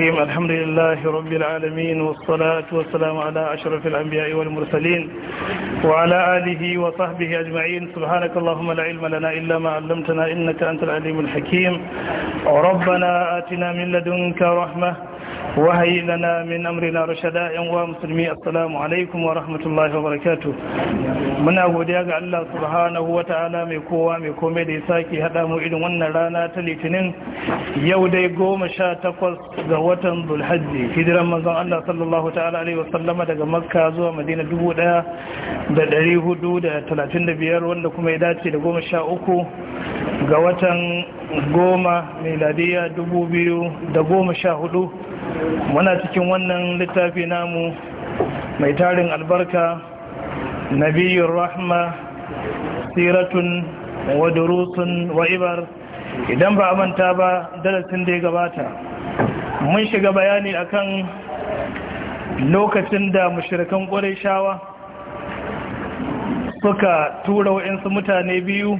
الرحيم الحمد لله رب العالمين والصلاة والسلام على أشرف الأنبياء والمرسلين وعلى آله وصحبه أجمعين سبحانك اللهم لا علم لنا إلا ما علمتنا إنك أنت العليم الحكيم ربنا آتنا من لدنك رحمة وهي لنا من أمرنا رشداء ومسلمي السلام عليكم ورحمة الله وبركاته من أبو دياغ الله سبحانه وتعالى ميكوا ميكومي ميدي ساكي هذا مؤيد وانا رانا تليتنين يودي قوم شا تقوص زوة ذو الحج في در رمضان الله صلى الله تعالى عليه وسلم daga makka zuwa madina dubu daya da تلاتين hudu da talatin da biyar wanda kuma ya dace da goma sha uku ga watan goma miladiya dubu biyu da goma sha hudu muna cikin wannan littafi namu mai tarin albarka nabiyyar rahma siratun wa durusun wa idan ba manta ba darasin da ya gabata mun shiga bayani akan lokacin da mashirkan ƙwarai shawa suka tura wa'insu mutane biyu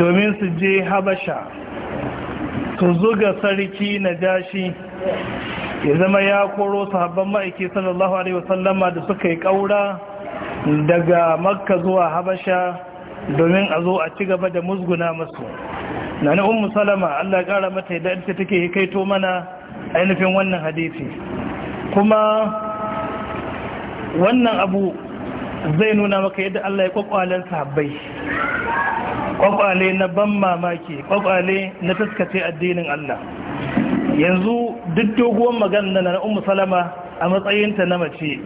domin su je habasha su zuga sarki na jashi ya zama ya koro sahabban ma'aiki sallallahu alaihi wasallama da suka yi kaura daga makka zuwa habasha domin a zo a ci gaba da musguna masu na ni ummu salama allah kara mata yadda ita take kaito mana ainihin wannan hadisi kuma wannan abu zai nuna maka yadda allah ya kwakwalen sahabbai kwakwale na ban mamaki kwakwale na taskace addinin allah yanzu duk doguwar magana na ummu salama a matsayinta na mace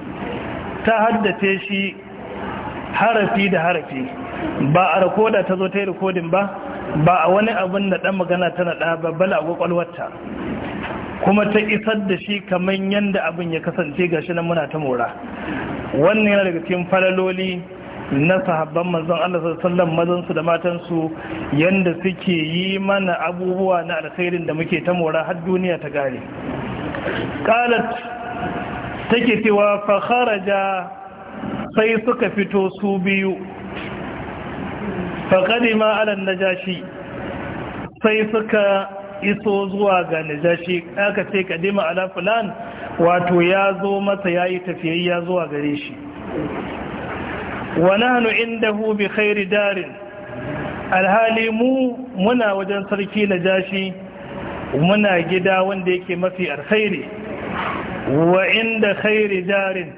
ta haddace shi harafi da harafi ba a rikoda ta zo ta yi rikodin ba ba a wani abin da ɗan magana tana ba babbala a kwakwalwarta kuma ta isar da shi kamar yadda abin ya kasance ga shi nan muna ta mora wannan yana daga cikin falaloli na sahabban manzon Allah sallallahu mazan su da matan su yanda suke yi mana abubuwa na alkhairin da muke ta mora har duniya ta gare qalat take cewa fa kharaja sai suka fito su biyu fa qadima ala najashi sai suka iso zuwa ga najashi aka ce kadima ala fulan wato ya zo masa yayi tafiyayya zuwa gare shi wa nahnu indahu bi khairi darin alhali mu muna wajen sarki na jashi muna gida wanda yake mafi alkhairi wa inda khairi darin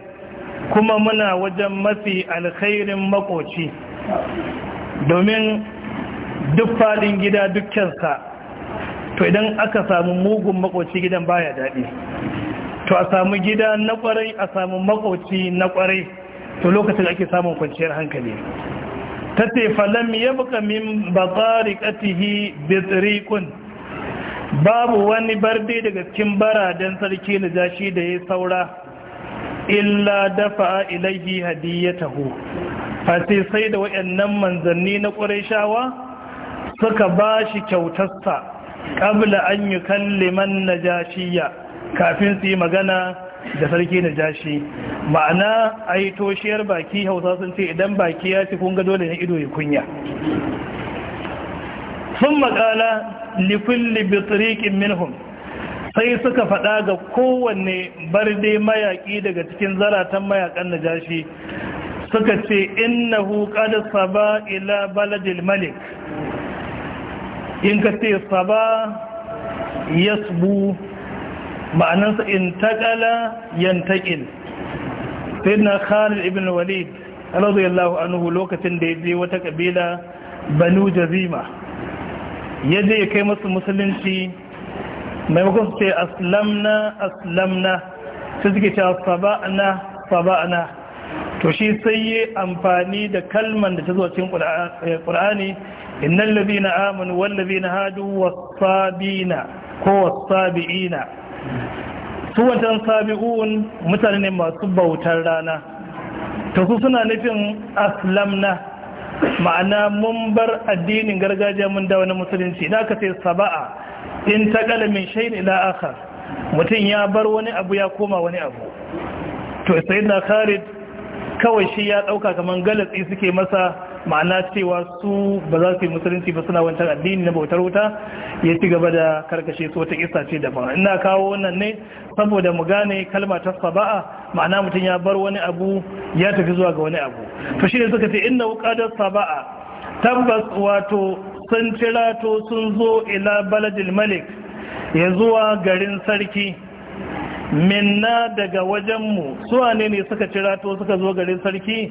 kuma muna wajen mafi alkhairin makoci domin duk fadin gida dukkansa to idan aka samu mugun makoci gidan baya daɗi to a samu gida na kwarai a samu makoci na kwarai to lokacin ake samun kwanciyar hankali ta ce falam ya buka min batsarikatihi bitrikun babu wani barbe daga cikin baraden sarki na jashi da ya saura illa dafa ilaihi hadiyatahu fasi sai da wayannan manzanni na shawa. suka bashi kyautarsa qabla an na najashiya kafin su yi magana da sarki na jashi ma'ana a yi toshiyar baki hausa sun ce idan baki ya ci kunga dole na ido ya kunya sun makala likulli libitrikin minhum sai suka faɗa ga kowanne barde mayaƙi daga cikin zaratan mayaƙan na jashi suka ce innahu qad saba ila baladil malik in ka ce saba yasbu ma'anansa intaqala yantaqil na Khalid ibn Walid radiyallahu anhu lokacin da ya je wata kabila Banu Jazima je ya kai masu musulunci maimakon su ce aslamna aslamna su suke cewa saba'na saba'na to shi sai yi amfani da kalman da ta zuwa cikin ƙur'ani innal ladina amanu wal ladina hadu was ko was su wancan sabi'un mutane ne masu bautar rana ta su suna nufin aslamna ma'ana mun bar addinin gargajiya mun dawo na musulunci da aka sai saba'a in ta kalamin shayin ila aka mutum ya bar wani abu ya koma wani abu to sai na khalid kawai shi ya dauka kamar galatsi suke masa ma'ana cewa su ba za su yi musulunci ba suna wancan addini na bautar wuta ya ci gaba da karkashe su wata kisa ce daban ina kawo wannan ne saboda mu gane kalma ta saba'a ma'ana mutum ya bar wani abu ya tafi zuwa ga wani abu to shi ne suka ce inna wuqadar saba'a tabbas wato sun cirato sun zo ila baladil malik ya zuwa garin sarki minna daga wajenmu suwa ne ne suka cirato suka zo garin sarki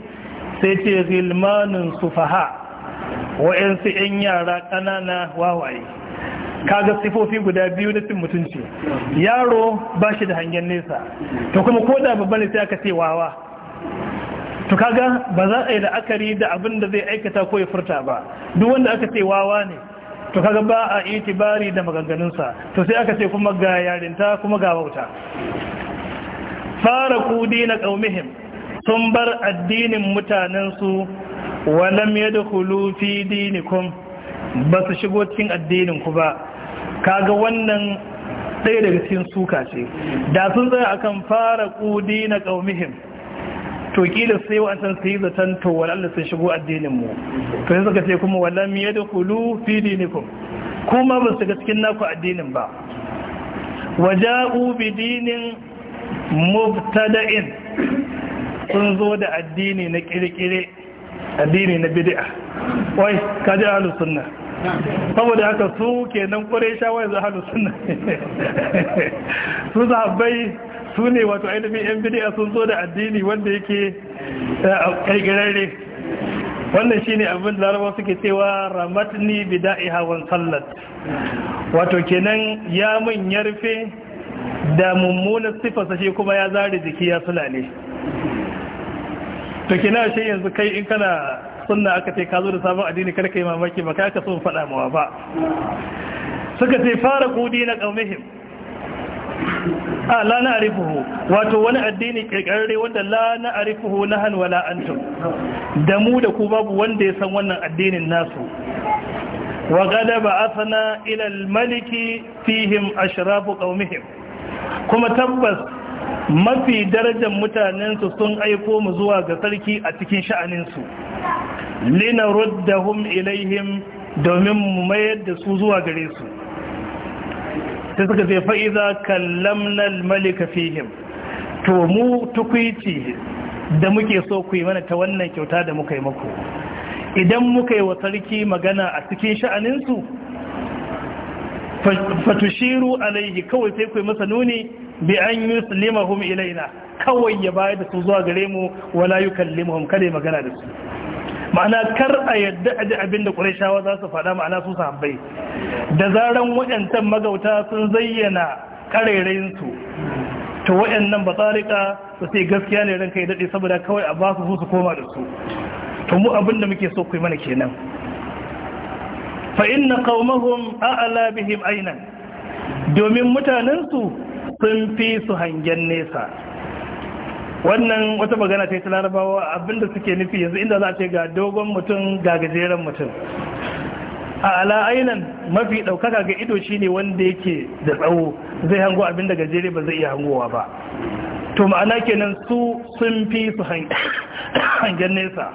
sai ce zilmanin sufaha wa'yansu 'yan yara ƙanana wawaye kaga sifofi guda biyu na cin mutunci yaro ba shi da hangen nesa to kuma ko da babban ne sai aka ce wawa to kaga ba za a yi la'akari da abin da zai aikata ko ya furta ba duk wanda aka ce wawa ne to kaga ba a itibari da maganganunsa to sai aka ce kuma ga yarinta kuma ga wauta fara kudi na ƙaumihim sun bar addinin mutanensu walam ya da fi dinikum ba su shigo cikin addininku ba kaga wannan ɗaya daga cikin suka ce da sun zai akan fara ƙudi na ƙaumihim to ƙila sai wa'ancan su yi zaton to walalla sun shigo addininmu to yin suka ce kuma walam ya da fi dinikum kuma ba su ga cikin naku addinin ba waja'u ubi dinin mubtada'in sun zo da addini na kirkire addini na bid'a wai kaji ahlus sunna saboda haka su kenan quraisha wai za ahlus sunna su bai su ne wato ainihin yan bid'a sun zo da addini wanda yake girare eh, wannan shine abin da larabawa suke cewa ramatni bida'i hawan sallat wato kenan ya mun yarfe da mummunan sifarsa shi kuma ya zare jiki ya sulale to kina shi yanzu kai in kana sunna aka ce ka zo da sabon addini kada kai mamaki ba kai ka so faɗa mawa ba suka ce fara kudi na qaumihim a la na arifuhu wato wani addini kirkirare wanda la na arifuhu na han wala antum da mu da ku babu wanda ya san wannan addinin nasu wa gada ba asana ila al-maliki fihim ashrafu qaumihim kuma tabbas mafi darajar mutanensu sun aiko mu zuwa ga sarki a cikin sha'aninsu lina ruddahum ilaihim domin mu mayar da su zuwa gare su ta suka Iza fa'iza kallamnal malika fihim to mu tukuici da muke so ku yi mana ta wannan kyauta da muka yi muku idan muka yi wa sarki magana a cikin sha'aninsu fatushiru alaihi kawai sai ku masa nuni bi an yuslimahum ilaina kawai ya bayar da su zuwa gare mu wala yukallimuhum kada magana da su ma'ana kar a yadda a ji abinda ƙurashawa za su faɗa ma'ana su sahabbai da zaran waɗancan magauta sun zayyana su to waɗannan ba tsarika su sai gaskiya ne ranka ya daɗe saboda kawai a ba su su koma da su to mu abin da muke so ku mana kenan fa inna qaumahum a'la bihim domin mutanensu sun fi su hangen nesa wannan wata magana ta yi larabawa abinda suke nufi yanzu inda za a ce ga dogon mutum ga gajeren mutum a ala'ainan mafi ɗaukaka ga ido shine wanda yake da tsawo zai hango abin da gajere ba zai iya hangowa ba to ma'ana kenan su sun fi su hangen nesa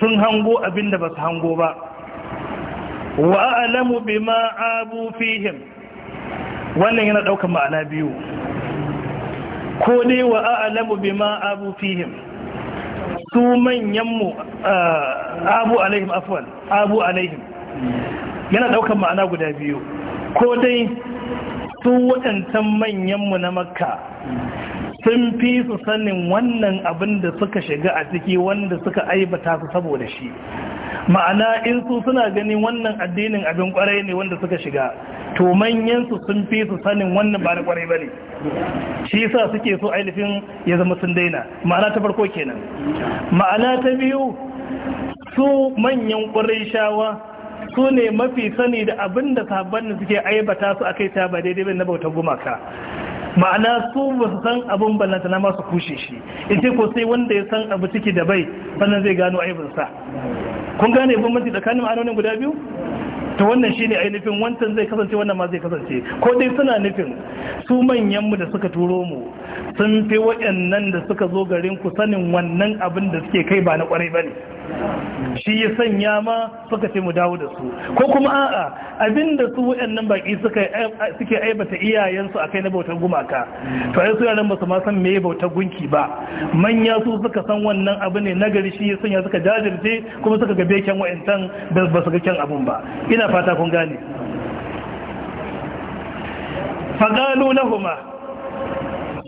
sun hango abin da ba su hango ba wa a'lamu bima abu fihim wannan yana daukan ma'ana biyu ko dai wa a'lamu bima abu fihim su manyan mu abu alaihim afwan abu alaihim yana daukan ma'ana guda biyu ko dai su waɗancan manyan mu na makka sun fi su sanin wannan abin da suka shiga a ciki wanda suka aibata su saboda shi ma'ana in su suna ganin wannan addinin abin kwarai ne wanda suka shiga to manyansu sun fi su sanin wannan ba da kwarai ba ne shi yasa suke so ainihin ya zama sun daina ma'ana ta farko kenan ma'ana ta biyu su manyan kwarai shawa su ne mafi sani da abin da sabon suke aibata su akai ta ba daidai ba na bautar gumaka ma'ana su ba su san abin ballanta na masu kushe shi ita ko sai wanda ya san abu ciki da bai sannan zai gano aibinsa kun gane bambanci tsakanin ma'anonin guda biyu ta wannan shi ne ainihin wancan zai kasance wannan ma zai kasance ko dai suna nufin su manyanmu da suka turo mu sun fi waɗannan da suka zo garin ku sanin wannan abin da suke kai ba na ƙwarai ba ne shi ya sanya ma suka ce mu dawo da su ko kuma a'a abin da su waɗannan baƙi suke aibata iyayensu a kai na bautar gumaka to ai su yaran ba su ma san meye bautar gunki ba manya su suka san wannan abu ne na gari shi ya sanya suka jajirce kuma suka ga kyan waɗancan da ba su ga kyan abun ba ina fata kun gane fagalu lahuma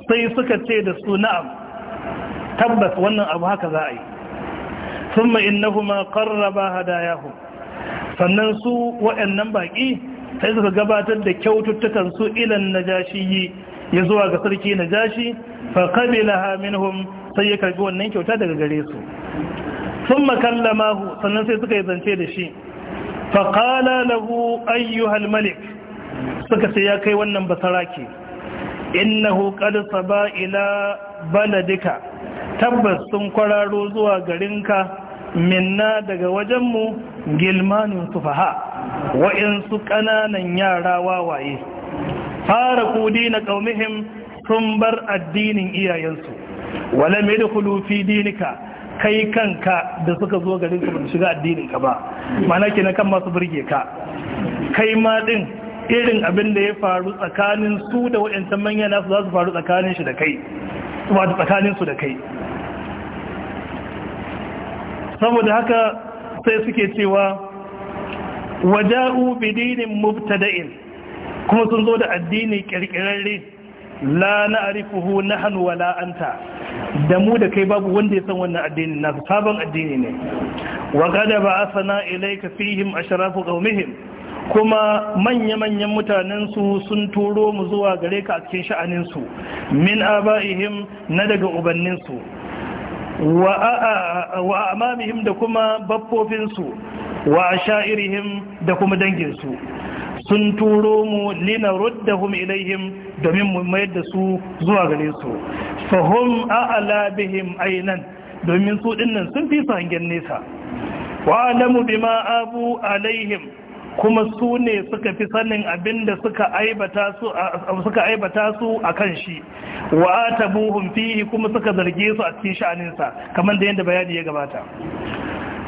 sai suka ce da su na'am tabbas wannan abu haka za a yi sun ma'innahuma ƙarraba hadayahu sannan su waɗannan baƙi sai suka gabatar da kyaututtukan su ilan najashi ya zuwa ga sarki najashi fa qabila minhum sai ya karbi wannan kyauta daga gare su sun hu sannan sai suka yi zance da shi fa qala lahu ayyuhal malik suka ce ya kai wannan basarake innahu qad saba ila baladika tabbas sun kwararo zuwa garinka minna daga wajenmu gilmanin sufaha su ƙananan yara wawaye fara ƙudi na ƙaumihim sun bar addinin iyayensu wala mai da fi dinika kai kanka da suka zo garinka ba shiga addininka ba mana kina kan masu burge ka kai ma din. irin abin da ya faru tsakanin su da waɗancan manya nasu za su faru tsakanin shi da kai tsakanin su da kai saboda haka sai suke cewa waja'u bidinin mubtada'in kuma sun zo da addini kirkirarre la na'rifuhu nahnu wala anta da mu da kai babu wanda ya san wannan addini na sabon addini ne wa qad ba'athna ilayka fihim ashrafu qaumihim kuma manya-manyan mutanensu sun turo mu zuwa gare ka a cikin sha'aninsu min aba'ihim na daga ubanninsu wa amamihim da kuma baffofinsu wa sha'irihim da kuma danginsu sun turo mu lina ruddahum ilaihim domin mu mayar da su zuwa gare su fahum a'ala bihim ainan domin su dinnan sun fi su hangen nesa wa alamu bima abu alaihim kuma su ne suka fi sanin abin da suka aibata su a kan shi wa ta buhun fihi kuma suka zarge su a cikin sha'aninsa kamar da yadda bayani ya gabata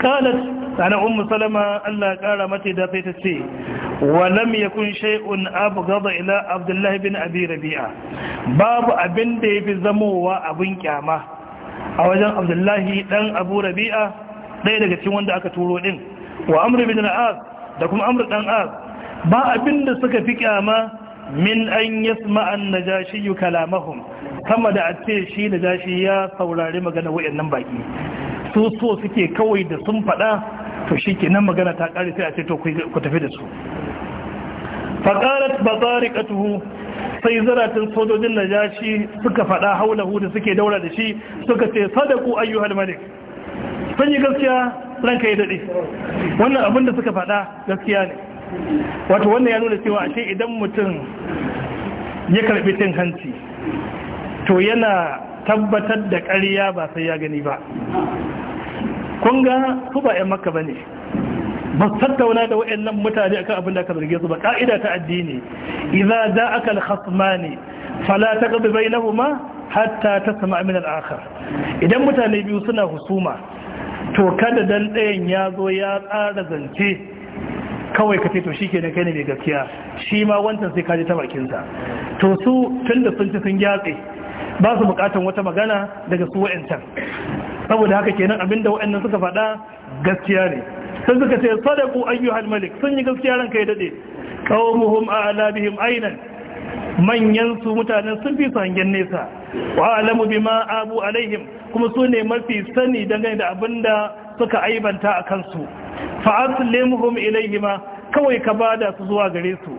kalat sana ummu salama Allah kara mata da sai ta ce wa lam yakun shay'un abghadha ila abdullahi bin abi rabi'a babu abin da yafi zamowa abin kyama a wajen abdullahi dan abu rabi'a ɗaya daga cikin wanda aka turo din wa amru bin al da kuma amr dan as ba abinda suka fi kyama min an yasma an najashi kalamahum kama da a ce shi najashi ya saurari magana wayannan baki su so suke kawai da sun faɗa to shikenan magana ta kare sai a ce to ku tafi da su faƙarat ba tsariƙatuhu sai zaratin sojojin najashi suka faɗa haulahu da suke daura da shi suka ce sadaku ayyuhal malik sun yi gaskiya ranka ya daɗe wannan abin da suka faɗa gaskiya ne wato wannan ya nuna cewa ce idan mutum ya karɓi cin hanci to yana tabbatar da ƙarya ba sai ya gani ba kun ga su ba 'yan maka ba ne ba su tattauna da waɗannan mutane akan abin da aka zarge su ba ƙa'ida ta addini iza za a hasma ne fala ta gabi bai hatta ta sama amin al'akar idan mutane biyu suna husuma to kada dan ɗayan ya zo ya tsara zance kawai ka ce to shi na kai ne mai gaskiya shi ma wancan sai kaji ta bakinsa to su tun da sun ci sun gyatse ba su bukatan wata magana daga su wa'ancan saboda haka kenan abin da wa'annan suka faɗa gaskiya ne sun suka ce sadaku ayyuhal malik sun yi gaskiya ranka ya dade qawmuhum a'la bihim aynan manyan su mutanen sun fi su hangen nesa wa alamu bima abu alaihim kuma su ne mafi sani dangane da abin da suka aibanta a kansu fa'aslimhum ilaihima kawai ka bada su zuwa gare su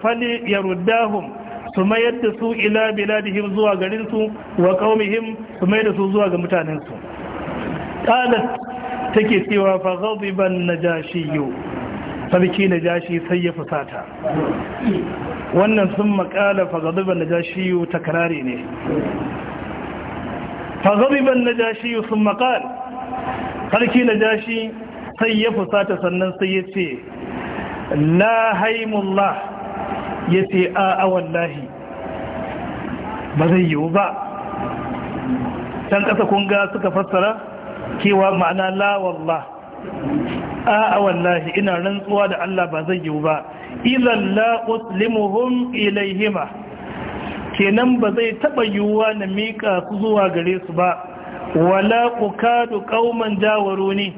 fali yaruddahum su mayar da su ila biladihim zuwa garinsu, su wa qaumihim su mayar da su zuwa ga mutanensu. ƙalat take cewa fa ghadiban najashiyyu sarki jashi sai ya fusata wannan sun makala fa yau ta takrari ne فغضب النجاشي ثم قال sarki na jashi sai ya fusata sannan sai ya ce la haimullah ya ce a wallahi ba zai yiwu ba can ƙasa kunga suka fassara kewa ma'ana la wallah a wallahi ina rantsuwa da Allah ba zai yiwu ba ilan la uslimuhum ilaihima kenan ba zai taɓa yiwuwa na mika su zuwa gare su ba wala ukadu qauman jawaro ne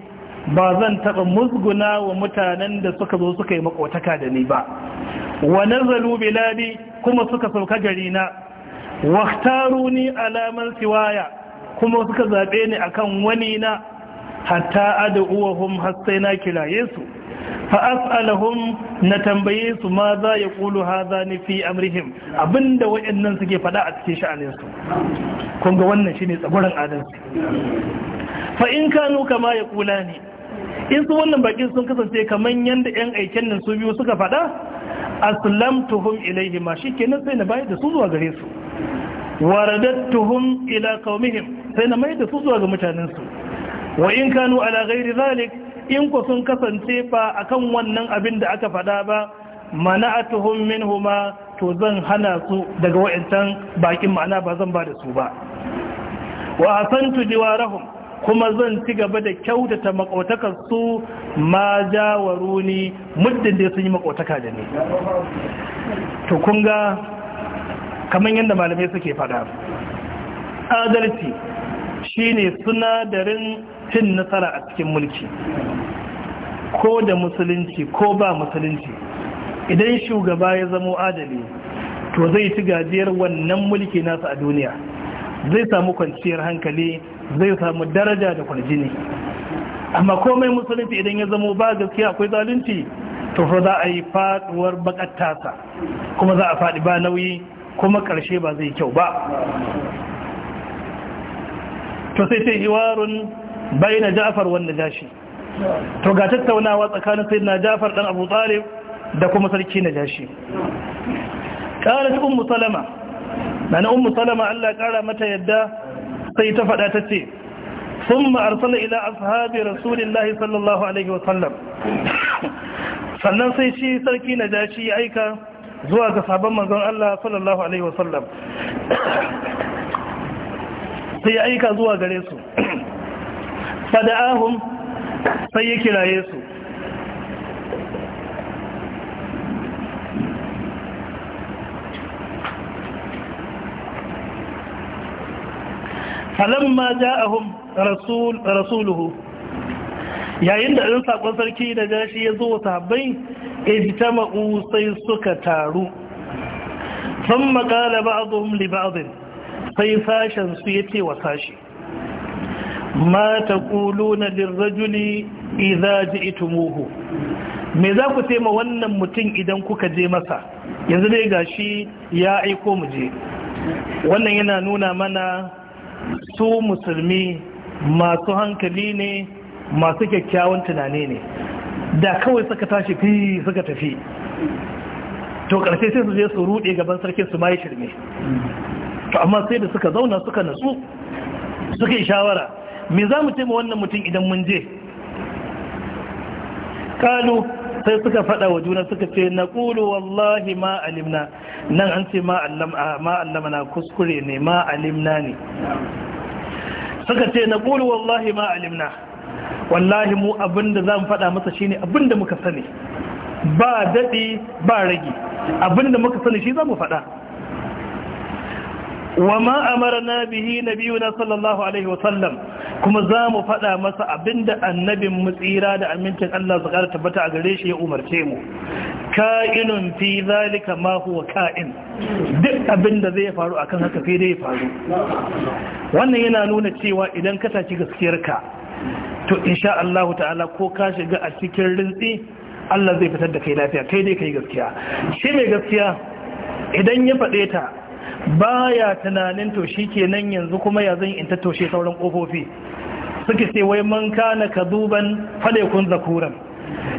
ba zan taɓa musguna wa mutanen da suka zo suka yi makotaka da ni ba wa nazalu biladi kuma suka sauka gari na waqtaruni alaman siwaya kuma suka zaɓe ni akan wani na hatta ad'uwahum hatta na kiraye su fa as'alahum na tambaye su ma za ya kulu hadha ni fi amrihim abinda wayannan suke fada a cikin sha'anin su kun ga wannan shine tsagurin adalci fa in kanu kama ya kula ne in su wannan bakin sun kasance kaman yanda yan aiken nan su biyu suka fada aslamtuhum ilayhi ma shikenan sai na bayar da su zuwa gare su waradattuhum ila qaumihim sai na mai da su zuwa ga mutanensu wa in kanu ala ghairi zalik in ku sun kasance ba akan wannan abin da aka faɗa ba mana'atuhum huma to zan hana su daga wa'ancan bakin ma'ana ba zan ba da su ba wa asantu diwarahum kuma zan ci gaba da kyautata makotakar su ma jawaruni muddin da sun yi makotaka da ni to kun ga kamar yadda malamai suke faɗa adalci shine sunadarin cin nasara a cikin mulki ko da musulunci ko ba musulunci idan shugaba ya zamo adali to zai ci gajiyar wannan mulki nasa a duniya zai samu kwanciyar hankali zai samu daraja da kwarjini amma komai musulunci idan ya zamo ba gaskiya akwai zalunci to fa za a yi faduwar bakar kuma za a faɗi ba nauyi kuma karshe ba zai kyau ba to sai sai hiwarun baina Ja'far wan jashi, to ga tattaunawa tsakanin sayyidina Ja'far dan Abu Talib da kuma sarki na Najashi qalat ummu Salama nana ummu Salama Allah ƙara mata yadda sai ta faɗa ta ce, sun arsala ila ashabi rasulillahi sallallahu alaihi wa sallam sannan sai shi sarki na jashi ya aika zuwa ga sabon manzon Allah sallallahu alaihi wa sallam sai ya aika zuwa gare su fada'ahum sai ya kiraye su falamma ja'ahum rasul rasuluhu yayin da ɗan saƙon sarki da gashi ya zo wa sahabbai ijtama'u sai suka taru sun makala ba'adhum li sai sashen su ce wa sashi ma taquluna lirrajuli ita itumuhu me za ku ma wannan mutum idan kuka je masa yanzu dai ga shi ya aiko mu je wannan yana nuna mana su musulmi masu hankali ne masu kyakkyawan tunani ne da kawai suka tashi fi suka tafi to karshe sai su je su rude gaban sarki su mai shirme to amma sai da suka zauna suka natsu suka yi shawara me za mu ce ma wannan mutum idan mun je kalu sai suka faɗa wa juna suka ce na kulu, wallahi ma alimna nan an ce ma na kuskure ne ma alimna ne suka ce na kulu, wallahi ma alimna wallahi mu abinda za mu faɗa masa shine abinda muka sani ba daɗi ba rage abinda muka sani shi za mu faɗa wa ma amarna bihi nabiyuna sallallahu alaihi wa sallam kuma za mu faɗa masa abinda annabin mu tsira da amincin Allah su ƙara tabbata a gare shi ya umarce mu ka'inun fi zalika ma huwa ka'in duk abinda zai faru akan haka sai dai ya faru wannan yana nuna cewa idan ka tashi gaskiyarka to insha Allah ta'ala ko ka shiga a cikin rintsi Allah zai fitar da kai lafiya kai dai kai gaskiya shi mai gaskiya idan ya fade ta baya tunanin to nan yanzu kuma ya zan in tattoshe sauran kofofi suke sai wai man kana kaduban fadaikun zakuran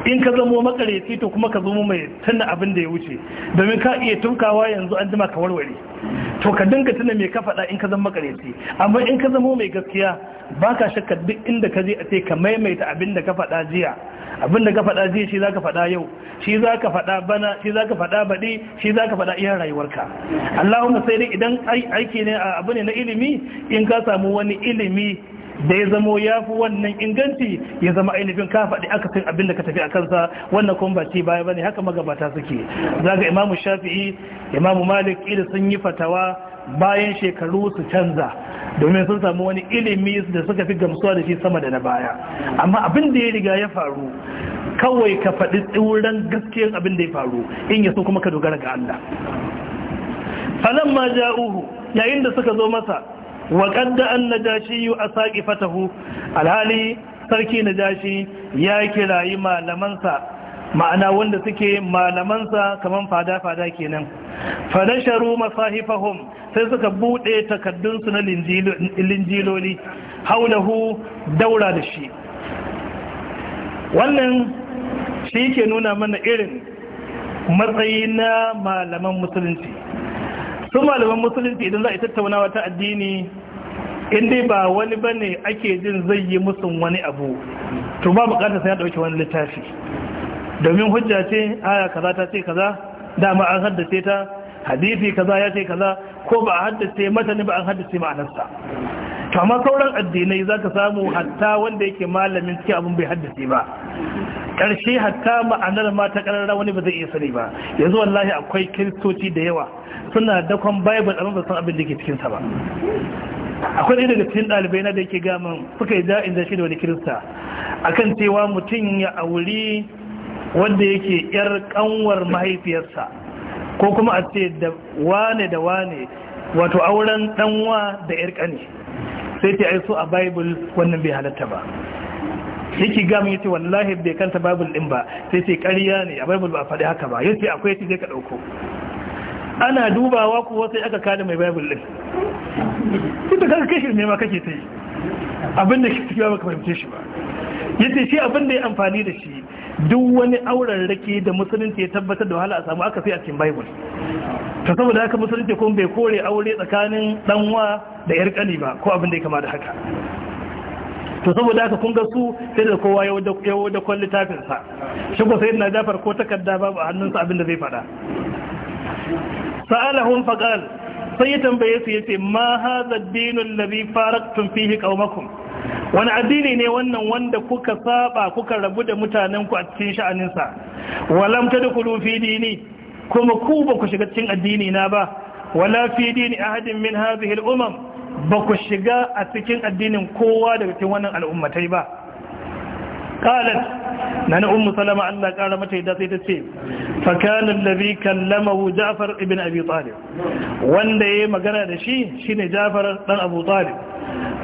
in ka zamo makareci to kuma ka zamo mai tuna abin da ya wuce domin ka iya tunkawa yanzu an jima ka warware to ka dinka tuna mai ka faɗa in ka zama makareci amma in ka zamo mai gaskiya ba ka shakka duk inda ka je a ce ka maimaita abin da ka faɗa jiya abin da ka faɗa jiya shi za ka faɗa yau shi za ka faɗa bana shi za ka faɗa baɗi shi za ka faɗa iya rayuwarka allahumma sai dai idan aiki ne abu ne na ilimi in ka samu wani ilimi da ya zamo ya fi wannan inganci ya zama ainihin ka faɗi akasin abin da ka tafi a kansa wannan kuma ba ce baya bane haka magabata suke zaga imamu shafi'i imamu malik ila sun yi fatawa bayan shekaru su canza domin sun samu wani ilimi da suka fi gamsuwa da shi sama da na baya amma abin da ya riga ya faru kawai ka faɗi tsuran gaskiyar abin da ya faru in ya kuma ka dogara ga Allah ma ja'uhu yayin da suka zo masa wa kadda an najashi yu asaqi fatahu alhali sarki najashi ya kirayi malamansa ma'ana wanda suke malamansa kamar fada-fada kenan fadasharu masahifahum sai suka buɗe takaddunsu na linjiloli haulahu daura da shi wannan shi ke nuna mana irin matsayi na malaman musulunci Tun malaman musulunci idan za a tattaunawa ta addini in dai ba wani ba ne ake jin zai yi musu wani abu to ba bukatar sai ya dauke wani littafi domin hujja ce aya kaza ta ce kaza dama an haddace ta hadisi kaza ya ce kaza ko ba a haddace mata ne ba an haddace ma'anarsa to amma sauran addinai za ka samu hatta wanda yake malamin cikin abin bai haddace ba ƙarshe hatta ma'anar ma ta ƙararra wani ba zai iya sani ba yanzu wallahi akwai kiristoci da yawa suna dakon bible a ba san abin da ke cikinsa ba akwai ɗaya daga cikin ɗalibai na da yake gamin suka yi da'in da shi da wani kirista a kan cewa mutum ya auri wanda yake yar kanwar mahaifiyarsa ko kuma a ce da wane da wane wato auren ɗanwa da yar ƙani sai ta aiso a bible wannan bai halatta ba yake gami yace wallahi bai kanta bible din ba sai ce ƙarya ne a bible ba a faɗi haka ba yace akwai yace zai ka ɗauko ana dubawa kuwa sai aka kada mai bible din ita kaga kashi ne ma kake tai abin da shi ba ka fahimce shi ba yace shi abin da ya amfani da shi duk wani auren rake da musulunci ya tabbatar da wahala a samu aka sai a cikin bible ta saboda haka musulunci kuma bai kore aure tsakanin wa da yar kani ba ko abin da ya kama da haka to saboda haka kun ga su sai da kowa ya wada kwan sa shi ko sai na jafar ko takarda babu a hannunsa abin da zai fada sa'alahum faqal sai ya tambaye su yace ma hadha ad-din alladhi faraqtum fihi qaumakum wani addini ne wannan wanda kuka saba kuka rabu da mutanen ku a cikin sha'aninsa? Walamta da tadkhulu fi dini kuma ku ba ku shiga cikin addini na ba wala fi dini ahadin min hadhihi al-umam ba ku shiga a cikin addinin kowa daga cikin wannan al'ummatai ba قالت نانا أم سلمة الله قال متى يداتي تتشي فكان الذي كلمه جعفر ابن أبي طالب وان دي مقرأ دشي شين جعفر بن أبو طالب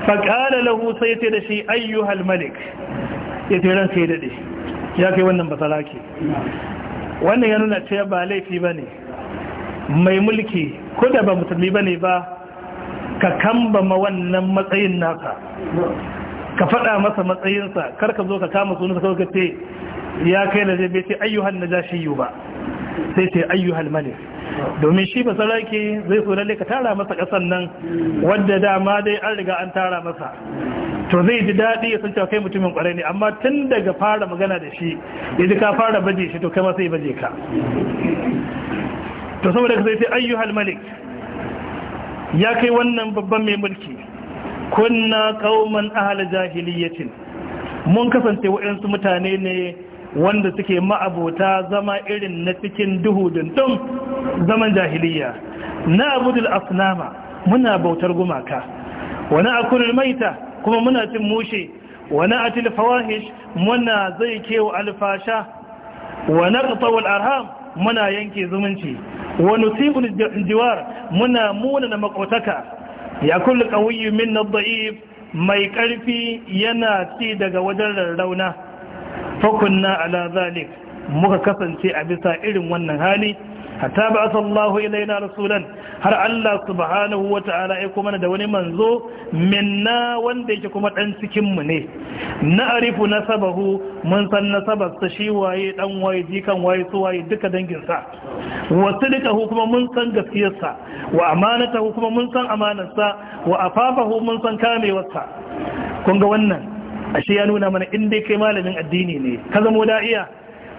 فقال له سيتي دشي أيها الملك يتولان سيدة دي ياكي وانا بطلاكي وانا ينونا تيبا علي في بني mai mulki ko da ba musulmi bane ba ka kambama wannan matsayin naka ka faɗa masa matsayinsa kar ka zo ka kama sunansa kawai ce ya kai da zai ce ayyuhan na jashiyu ba sai ce ayyuhan malik domin shi ba sarki zai so lalle ka tara masa kasan nan wadda dama dai an riga an tara masa to zai ji daɗi ya san cewa kai mutumin kwarai ne amma tun daga fara magana da shi ya ji ka fara baje shi to kai ma sai baje ka to saboda ka sai ayyuhal malik ya kai wannan babban mai mulki kunna kauman ahal jahiliyatin mun kasance waɗansu mutane ne wanda suke ma'abota zama irin na cikin duhu dindin zaman jahiliya na abudul asnama muna bautar gumaka wani akulul maita kuma muna cin mushe wani atil fawahish muna zai kewa alfasha wani ƙasawar arham muna yanke zumunci wani sifin jiwar muna muna na makotaka ya kullu qawiyyu min ad-da'if mai ƙarfi yana ci daga wajen rarrauna fa kunna ala zalik muka kasance a bisa irin wannan hali hatta ba asallahu ilaina rasulan har Allah subhanahu wata'ala ya kuma da wani manzo minna wanda yake kuma ɗan cikin mu ne na nasabahu mun san na sa shi waye ɗan waye jikan waye su waye duka danginsa. wa kuma mun san gaskiyarsa. wa amanata kuma mun san amanarsa. wa afafahu mun san kamewarsa. kun ga wannan ashe ya nuna mana in dai kai malamin addini ne ka zamo da'iya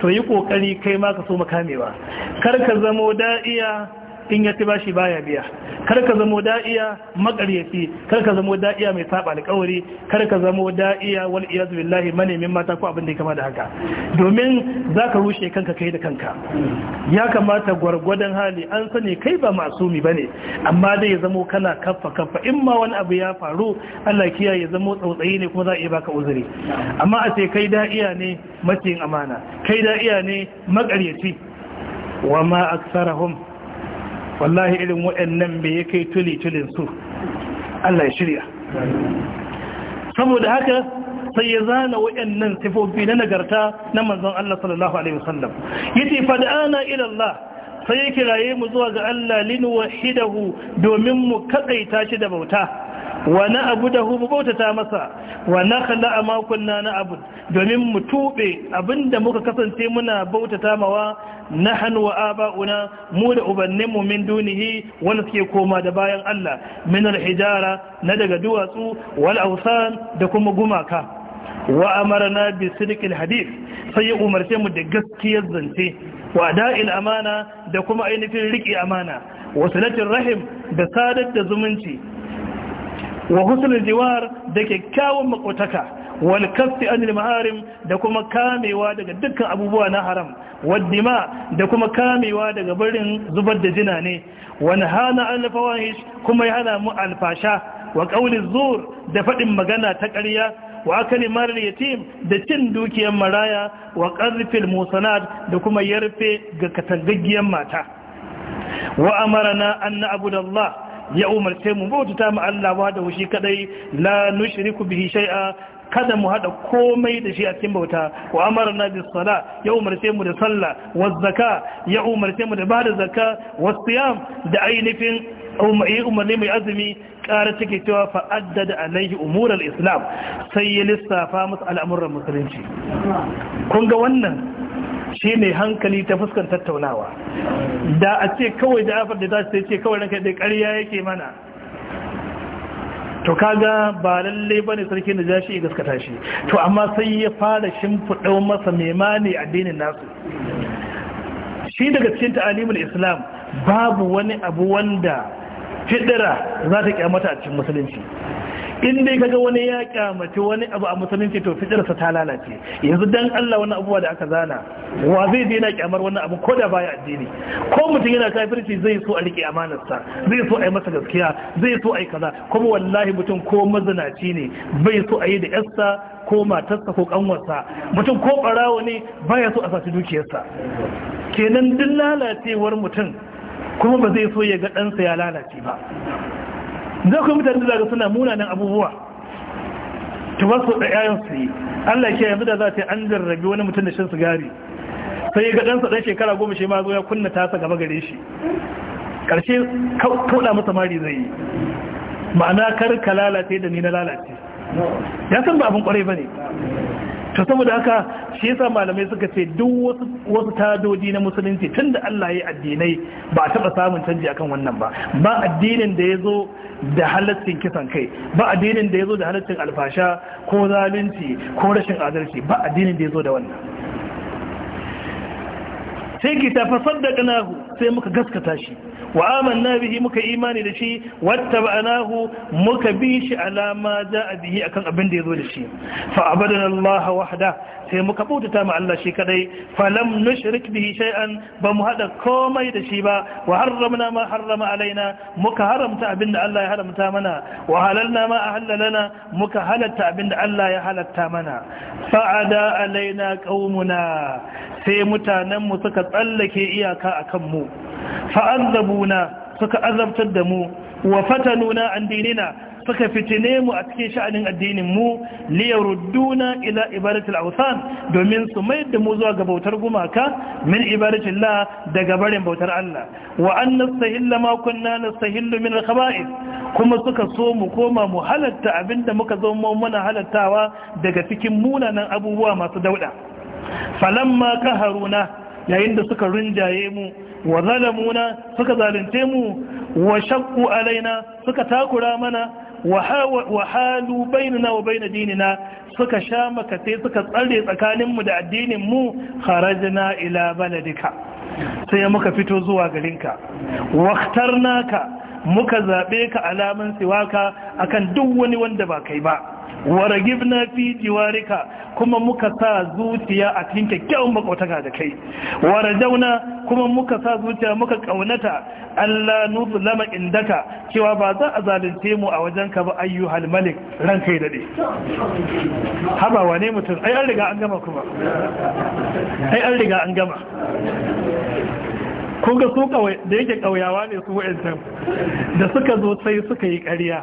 to yi kokari kai ma ka so makamewa kar ka zamo da'iya in ya ci shi baya biya kar ka zamo da'iya makaryaci kar ka zamo da'iya mai saba alƙawari kar ka zamo da'iya wal iyaz billahi manemin mata ko abin da kama da haka domin zaka rushe kanka kai da kanka ya kamata gwargwadon hali an sani kai ba masumi bane amma dai ya zamo kana kaffa kaffa in ma wani abu ya faru Allah kiyaye ya zamo tsautsayi ne kuma za a iya baka uzuri amma a ce kai da'iya ne mace amana kai da'iya ne makaryaci wa ma aksarahum wallahi irin waɗannan bai ya kai tuli-tulin su Allah ya shirya saboda haka sai ya zana waɗannan sifofi na nagarta na manzon Allah sallallahu alaihi wasallam yace fad'ana ila Allah sai ya kiraye mu zuwa ga Allah linwahidahu domin mu kadaita shi da bauta wa na abu da hu bautata masa wa na kalla a kunna na abu domin mu tube abinda muka kasance muna bautata mawa hannu wa aba'una mu da ubanninmu min dunihi wanda suke koma da bayan Allah min al-hijara na daga duwatsu wal awsan da kuma gumaka wa na bi sidqil hadis sai ya umarce mu da gaskiyar zance wa da'il amana da kuma ainihin riƙe amana wasu rahim da sadar da zumunci wa husnul jiwar da kyakkyawan makotaka wal kaffi anil maharim da kuma kamewa daga dukkan abubuwa na haram waddima da kuma kamewa daga barin zubar da jina ne wani hana alfawahish kuma ya hana mu alfasha wa ƙaunin zuur da faɗin magana ta ƙarya wa akali marar yatim da cin dukiyar maraya wa ƙarfin musanad da kuma yarfe ga katangaggiyar mata wa amarana an na abu da Allah ya umarce mu baututa mu Allah wahdahu shi kadai la nushriku bihi shay'a kada mu hada komai da shi a cikin bauta wa amarna bis sala ya umarce mu da sallah waz zaka ya umarce mu da bada zaka was siyam da ainifin um-, umarni mai azumi kara take cewa fa'addada alaihi umurar islam sai ya lissafa musu al'amuran musulunci kun ga wannan shi ne hankali ta fuskan tattaunawa da a ce kawai afar da za su ce kawai ranka da ƙarya yake mana to kaga ba lalle ba ne sarki da jashi ya gaskata shi to amma sai ya fara shimfiɗau masa memane addinin nasu shi daga cikin ta'alimin islam babu wani abu wanda fidira za ta kyamata a cikin musulunci in dai kaga wani ya kyamaci wani abu a musulunci to fitarsa ta lalace yanzu dan Allah wani abuwa da aka zana wa zai dina yana kyamar wani abu ko da baya addini ko mutum yana kafirci zai so a rike amanarsa zai so a yi masa gaskiya zai so a yi kaza kuma wallahi mutum ko mazinaci ne bai so a yi da yarsa ko matarsa ko kanwarsa mutum ko barawo ne baya so a saci dukiyarsa kenan duk lalacewar mutum kuma ba zai so ya ga ɗansa ya lalace ba zai kuma mutane da suna munanan abubuwa ta wasu da yayan su yi Allah ke yanzu da za ta an jarrabi wani mutum da shan sigari sai ya ga ɗansa ɗan shekara goma shi ma zo ya kunna tasa gaba gare shi karshe kauɗa masa mari zai yi ma'ana kar ka lalace da ni na lalace ya san ba abin kwarai ba ne to saboda haka shi yasa malamai suka ce duk wasu wasu tadodi na musulunci tunda Allah ya yi addinai ba a taɓa samun canji akan wannan ba ba addinin da yazo da halaccin kisan kai ba addinin da yazo da halaccin alfasha ko zalunci ko rashin adalci ba addinin da yazo da wannan sai ki tafasaddaqnahu sai muka gaskata shi wa amanna bihi muka imani da shi wattaba'nahu muka bi shi alama da bihi akan abin da yazo da shi fa abadana Allah wahda sai muka bautata ma Allah shi kadai falam nushrik bihi shay'an ba mu hada komai da shi ba wa harramna ma harrama alaina muka haramta abinda Allah ya haramta mana wa halalna ma ahallalana muka halarta abinda Allah ya halarta mana fa'ada alaina qaumuna sai mutanen mu suka tsallake iyaka akan mu fa'azzabuna suka azabtar da mu wa fatanuna an dinina suka fitine mu a cikin sha'anin addinin mu liyarudduna ila ibadatul awsan domin su mai da mu zuwa ga bautar gumaka min ibadatul la daga barin bautar Allah wa an nastahilla ma kunna nastahillu min al khaba'ith kuma suka so mu koma mu halatta abinda muka zo mu muna halattawa daga cikin munanan abubuwa masu dauda falamma kaharuna yayin da suka rinjaye mu wa zalamuna suka zalunce mu wa shakku alaina suka takura mana wa halu bainana wa baina dinina suka sha makatai suka tsare tsakanin mu da addinin mu kharajna ila baladika sai muka fito zuwa garinka waqtarnaka muka zaɓe ka alaman siwaka akan duk wani wanda ba kai ba waragibna fi jiwarika kuma muka sa zuciya a cikin kyakkyawan makwataka da kai warajauna kuma muka sa zuciya muka kaunata Allah nuzlama indaka cewa ba za a zalunce mu a wajen ka ba ayyuhal malik ran kai dade haba wane mutum ai an riga an gama kuma ai an riga an gama kun ga su da yake kauyawa ne su wa'ancan da suka zo sai suka yi ƙarya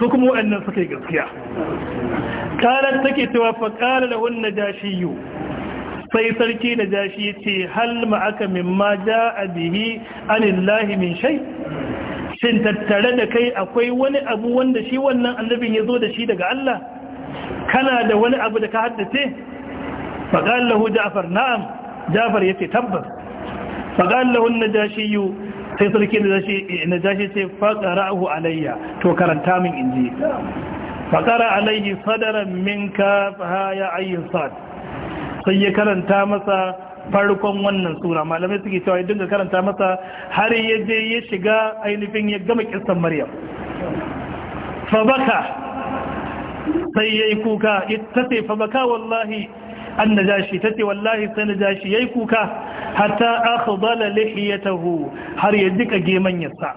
su kuma wa'annan suka yi gaskiya karar take cewa fa kala da wani sai sarki najashi ce hal ma'aka mimma ja'a bihi anillahi min shay shin tattare da kai akwai wani abu wanda shi wannan annabin ya zo da shi daga Allah kana da wani abu da ka haddace fa lahu ja'far na'am ja'far yace tabbas فقال له na jashi سلك sai sarki na jashi ce faƙara'ahu alayya to karanta min inji faƙara alayhi sadaran minka ya ayyin sad sai farkon wannan sura malamai suke cewa ya dinga karanta masa har ya je ya shiga ainihin ya gama kisan maryam fa baka sai yayi kuka ita ce fa baka wallahi an najashi ta ce wallahi sai jashi ya yi kuka hatta aka bala lihiyatahu har ya jika geman yasa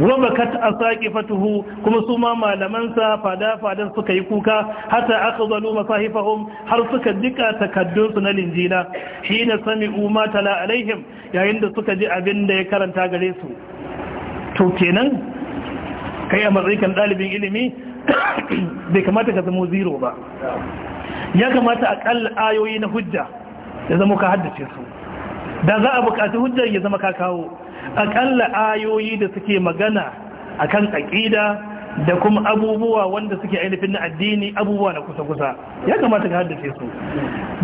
wabakat a fatuhu kuma su ma malamansa fada-fadan suka yi kuka hata aka zalo masahifahun har suka jika takaddunsu na linjina, shi na sami umatala alaihim yayin da suka ji abin da ya karanta gare su to kenan kai a matsayin ɗalibin ilimi bai kamata ka zamo zero ba ya kamata a akalla ayoyi na hujja ya zama ka haddace su da za a bukaci hujjar ya zama ka kawo a akalla ayoyi da suke magana a kan ƙaƙida da kuma abubuwa wanda suke ainihin na addini abubuwa na kusa-kusa ya kamata ka haddace su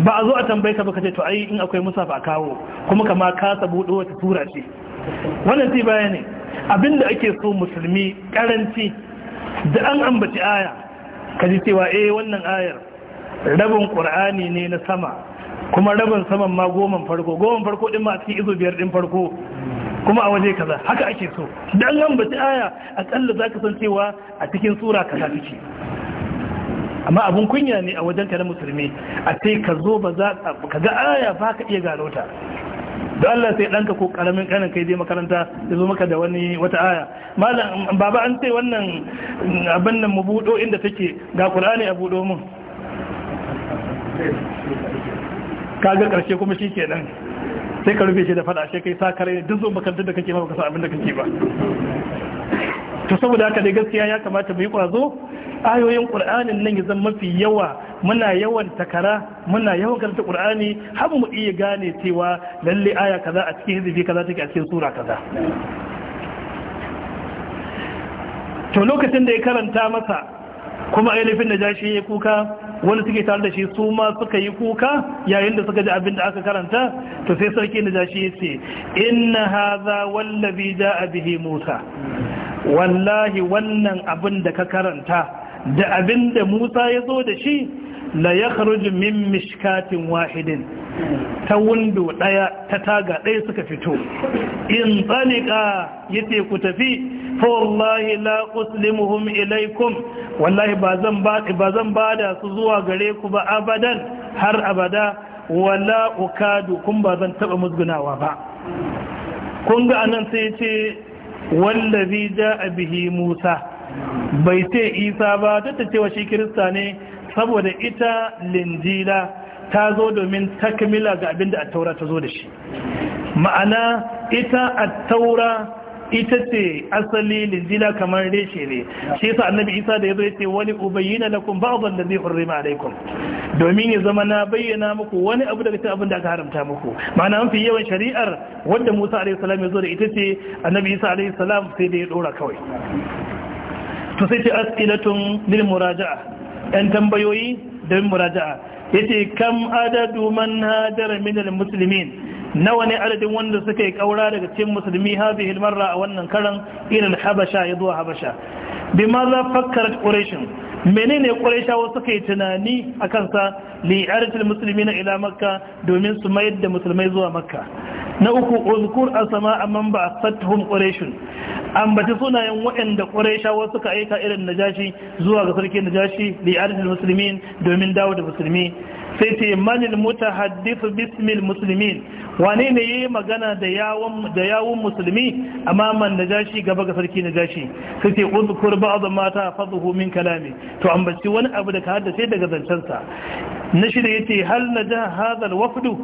ba a zo a tambayi ka baka ce to ai in akwai musafa a kawo kuma kama kasa buɗo wata tura ce wannan sai baya abinda ake so musulmi karanci da an ambaci aya ka ji cewa eh wannan ayar rabin ƙur'ani ne na sama kuma rabin saman ma goma farko goma farko ɗin ma a cikin izo biyar ɗin farko kuma a waje kaza haka ake so dan ba ta aya akalla zaka san cewa a cikin sura kaza ce, amma abun kunya ne a wajen na musulmi a ce ka zo ba za ka ga aya ba ka iya gano ta don Allah sai ɗanka ko ƙaramin ƙanin kai je makaranta ya zo maka da wani wata aya malam baba an ce wannan abin nan mu buɗo inda take ga ƙur'ani a buɗo mun kaga karshe kuma shi ke nan sai ka rufe shi da fada shi kai sa kare ne duk zo makarantar da kake ba baka san abin da kake ba to saboda haka dai gaskiya ya kamata mu yi kwazo ayoyin qur'anin nan yanzu mafi yawa muna yawan takara muna yawan karanta qur'ani har mu iya gane cewa lalle aya kaza a cikin hizbi kaza take a cikin sura kaza to lokacin da ya karanta masa kuma ainihin da jashi ya kuka wani suke tare da shi su ma suka yi kuka yayin da suka ji abin da aka karanta to sai sarki na jashi ya ce inna haza wallabi da abihi musa wallahi wannan abin da ka karanta da abin da musa ya zo da shi la ya min mishkatin wahidin ta windo ɗaya ta taga ɗaya suka fito in tsanika yace ku tafi fa wallahi la uslimuhum ilaikum wallahi ba zan ba da su zuwa gare ku ba abadan har abada wala ukadu kun ba zan taɓa musgunawa ba kun ga anan sai ce wallazi ja bihi musa bai sai isa ba ta tace wa shi kirista saboda ita linjila ta zo domin takmila ga abin da attaura ta zo da shi ma'ana ita attaura ita ce asali linjila kamar reshe ne shi yasa annabi isa da yazo yace wani ubayyana lakum ba'd allazi hurrima alaikum domin ya zama na bayyana muku wani abu daga cikin abin da aka haramta muku ma'ana mafi yawan shari'ar wanda Musa alaihi salam zo da ita ce annabi isa alaihi salam sai da ya dora kawai to sai ce as'ilatun lil muraja'a ɗan tambayoyi don muraja'a ce, kam adadu man hajara minal musulmin nawa ne adadin wanda suka yi ƙaura daga cin musulmi hafi hilmarra a wannan karan irin habasha ya zuwa habasha ma za fakkar ƙorashin menene ƙwarishawa suka yi tunani a kansa liyaratul musulmi na ila makka domin su mayar da musulmai zuwa makka na uku uzkur a sama amman mamba a fathum ƙwarishun ambaci sunayen waɗanda ƙwarishawa suka aika irin najashi zuwa ga sarki najashi liyaratul musulmi domin dawo da musulmi sai ce manil mutahaddith bismil muslimin Wanene ne yi magana da yawun da yawun musulmi amma man najashi gaba ga sarki najashi sai udkur ba'd ma tahfazuhu min kalami to ambaci wani abu da ka haddace daga zancensa na shida yace hal najah hadha alwafdu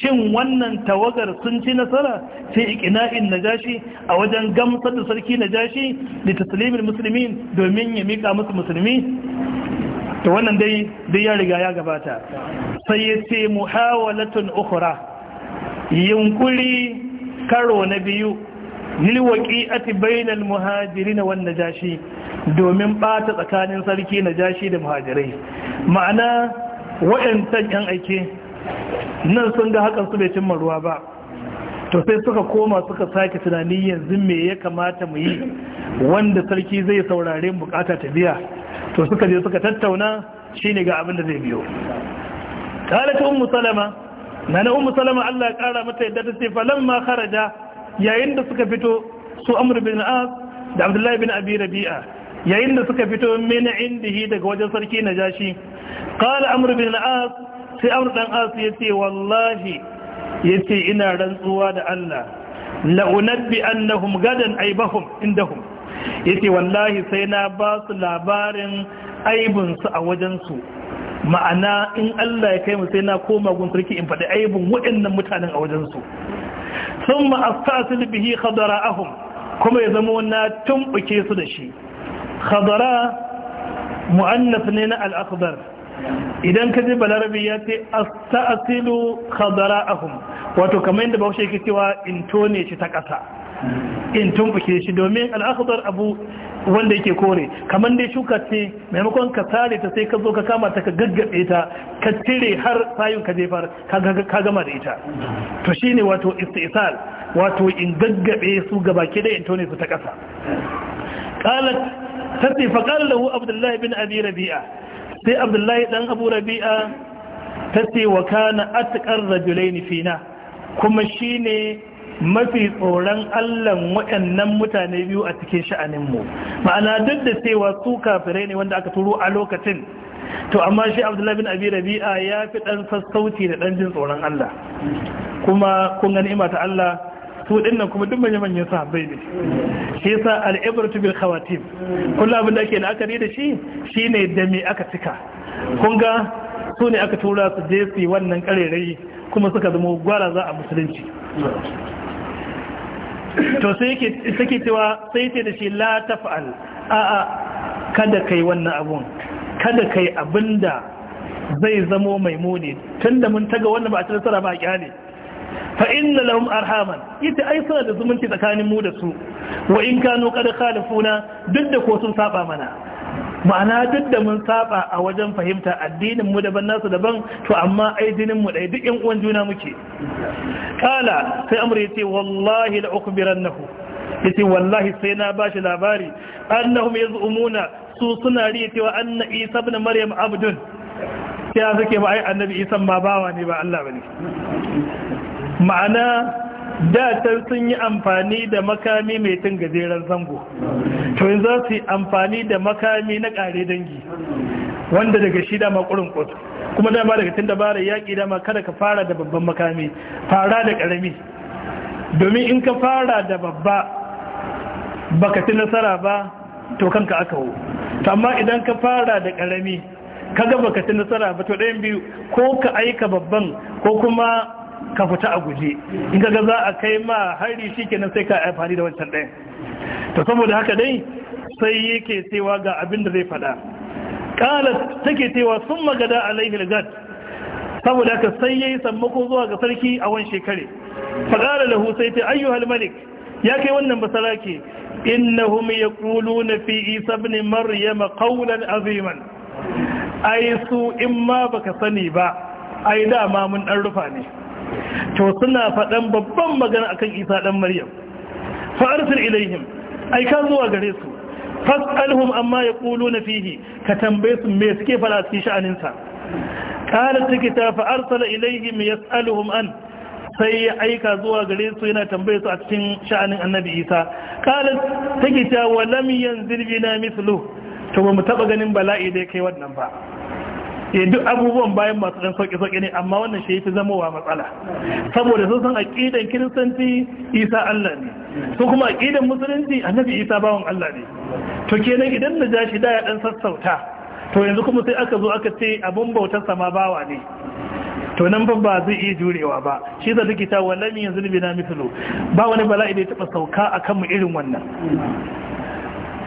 shin wannan tawagar sun ci nasara sai na najashi a wajen gamsar da sarki jashi da taslimin musulmi domin ya mika musu musulmi to wannan dai dai ya riga ya gabata sai yace muhawalatun ukhra yunkuri karo na biyu ati bainal na wan najashi domin bata tsakanin sarki najashi da muhajirai ma'ana waɗancan yan aike nan sun ga hakan su bai cimma ruwa ba to sai suka koma suka sake tunani yanzu me ya kamata mu yi wanda sarki zai saurare bukata ta biya to suka je suka tattauna shine ga abin da zai biyo qalat ummu salama na na umu salama Allah ya kara mata yadda ta ce falan ma yayin da suka fito su amr bin as da abdullahi bin abi rabi'a yayin da suka fito min indihi daga wajen sarki najashi kala amr bin as sai amr dan as yace wallahi ce ina rantsuwa da Allah la unabbi annahum gadan aibahum indahum yace wallahi sai na ba su labarin aibinsu a wajensu ma'ana in Allah ya kai mu sai na koma gun sarki in faɗi aibun waɗannan mutanen a wajen su. sun ma'astasil bihi khadara ahum kuma ya zama na tumɓuke su da shi khadara mu'annas ne na al'akhdar idan ka ji balarabi ya ce astasilu khadara ahum wato kamar yadda bahaushe yake cewa in tone shi ta ƙasa in tumfuke shi domin al'adar abu wanda yake kore kamar dai shuka ce maimakon ka sare ta sai ka zo ka kama ta ka gaggabe ta ka cire har sayun ka jefar ka gama da ita to shine wato istisal wato in gaggabe su gaba ke da in tone su ta kasa qalat tafi fa qala lahu abdullahi bin abi rabi'a sai abdullahi dan abu rabi'a tace wa kana atqar rajulain fina kuma shine mafi tsoron allan waɗannan mutane biyu a cikin sha'aninmu ma'ana duk da cewa su kafirai ne wanda aka turo a lokacin to amma shi abdullahi bin abi rabi'a ya fi ɗan sassauci da ɗan jin tsoron allah kuma kun gani ima allah su dinnan kuma duk manya-manyan sahabbai ne shi yasa al'ibratu bil khawatim kullu abin da ake la'akari da shi shine da me aka cika kun ga su ne aka tura su je su wannan karerai kuma suka zama gwara za a musulunci to sai cewa sai ce da shi la taf'al a kada kai wannan abun kada kai abinda zai zamo mai muni tunda mun taga wannan ba a tsara ba kyale fa inna lahum arhaman yace ai suna da zumunci tsakanin mu da su wa in kanu qad khalifuna duk da ko sun saba mana ma'ana duk da mun saba a wajen fahimta addinin mu daban nasu daban to amma aidinin mu dai duk yan uwan juna muke kala sai amr yace wallahi la ukhbirannahu yace wallahi sai na bashi labari annahum yaz'umuna su suna riya cewa anna isa ibn maryam abdun sai suke ba ai annabi isa ma bawa ne ba Allah bane ma'ana da sun yi amfani da makami mai tun gajeren zango to yanzu za su yi amfani da makami na ƙare dangi wanda daga shi dama ƙurin kotu, kuma dama daga tun dabarar yaƙi dama kada ka fara da babban makami fara da ƙarami domin in ka fara da babba baka ci nasara ba to kanka aka hu amma idan ka fara da ƙarami kaga baka ci nasara ba to ɗayan biyu ko ka aika babban ko kuma ka fita a guje in kaga za a kai ma hari shi kenan sai ka amfani da wancan ɗayan to saboda haka dai sai yake cewa ga abin da zai faɗa kala take cewa sun magada alaihi lagat saboda haka sai yayi sammako zuwa ga sarki a wani shekare faɗaɗa lahu sai ta ayyuhal malik ya kai wannan basarake innahum na fi isa ibn maryama qawlan aziman ai su in ma baka sani ba ai dama mun dan rufa ne to suna faɗan babban magana akan isa ɗan maryam arsil ilaihim ai ka zuwa gare su fas'alhum amma ya ƙulu na fihi ka tambaye su me suke faɗa cikin sha'aninsa sa take ta fa'arsala ilaihim ya tsalhum an sai ya aika zuwa gare su yana tambaye su a cikin sha'anin annabi isa ƙarar tikita wa walam na bina mislu to ba mu taɓa ganin bala'i da ya kai wannan ba eh duk abubuwan bayan masu ɗan sauƙi-sauƙi ne amma wannan shi fi zamowa matsala saboda sun san aƙidan kiristanci isa allah ne su kuma aƙidan musulunci annabi isa bawan allah ne to kenan idan na ja shi da ya ɗan sassauta to yanzu kuma sai aka zo aka ce abin bautar sama bawa ne to nan fa ba zai iya jurewa ba shi da rikita ta wallahi yanzu zunubi na mithlu ba wani bala'i da ya taɓa sauka akan mu irin wannan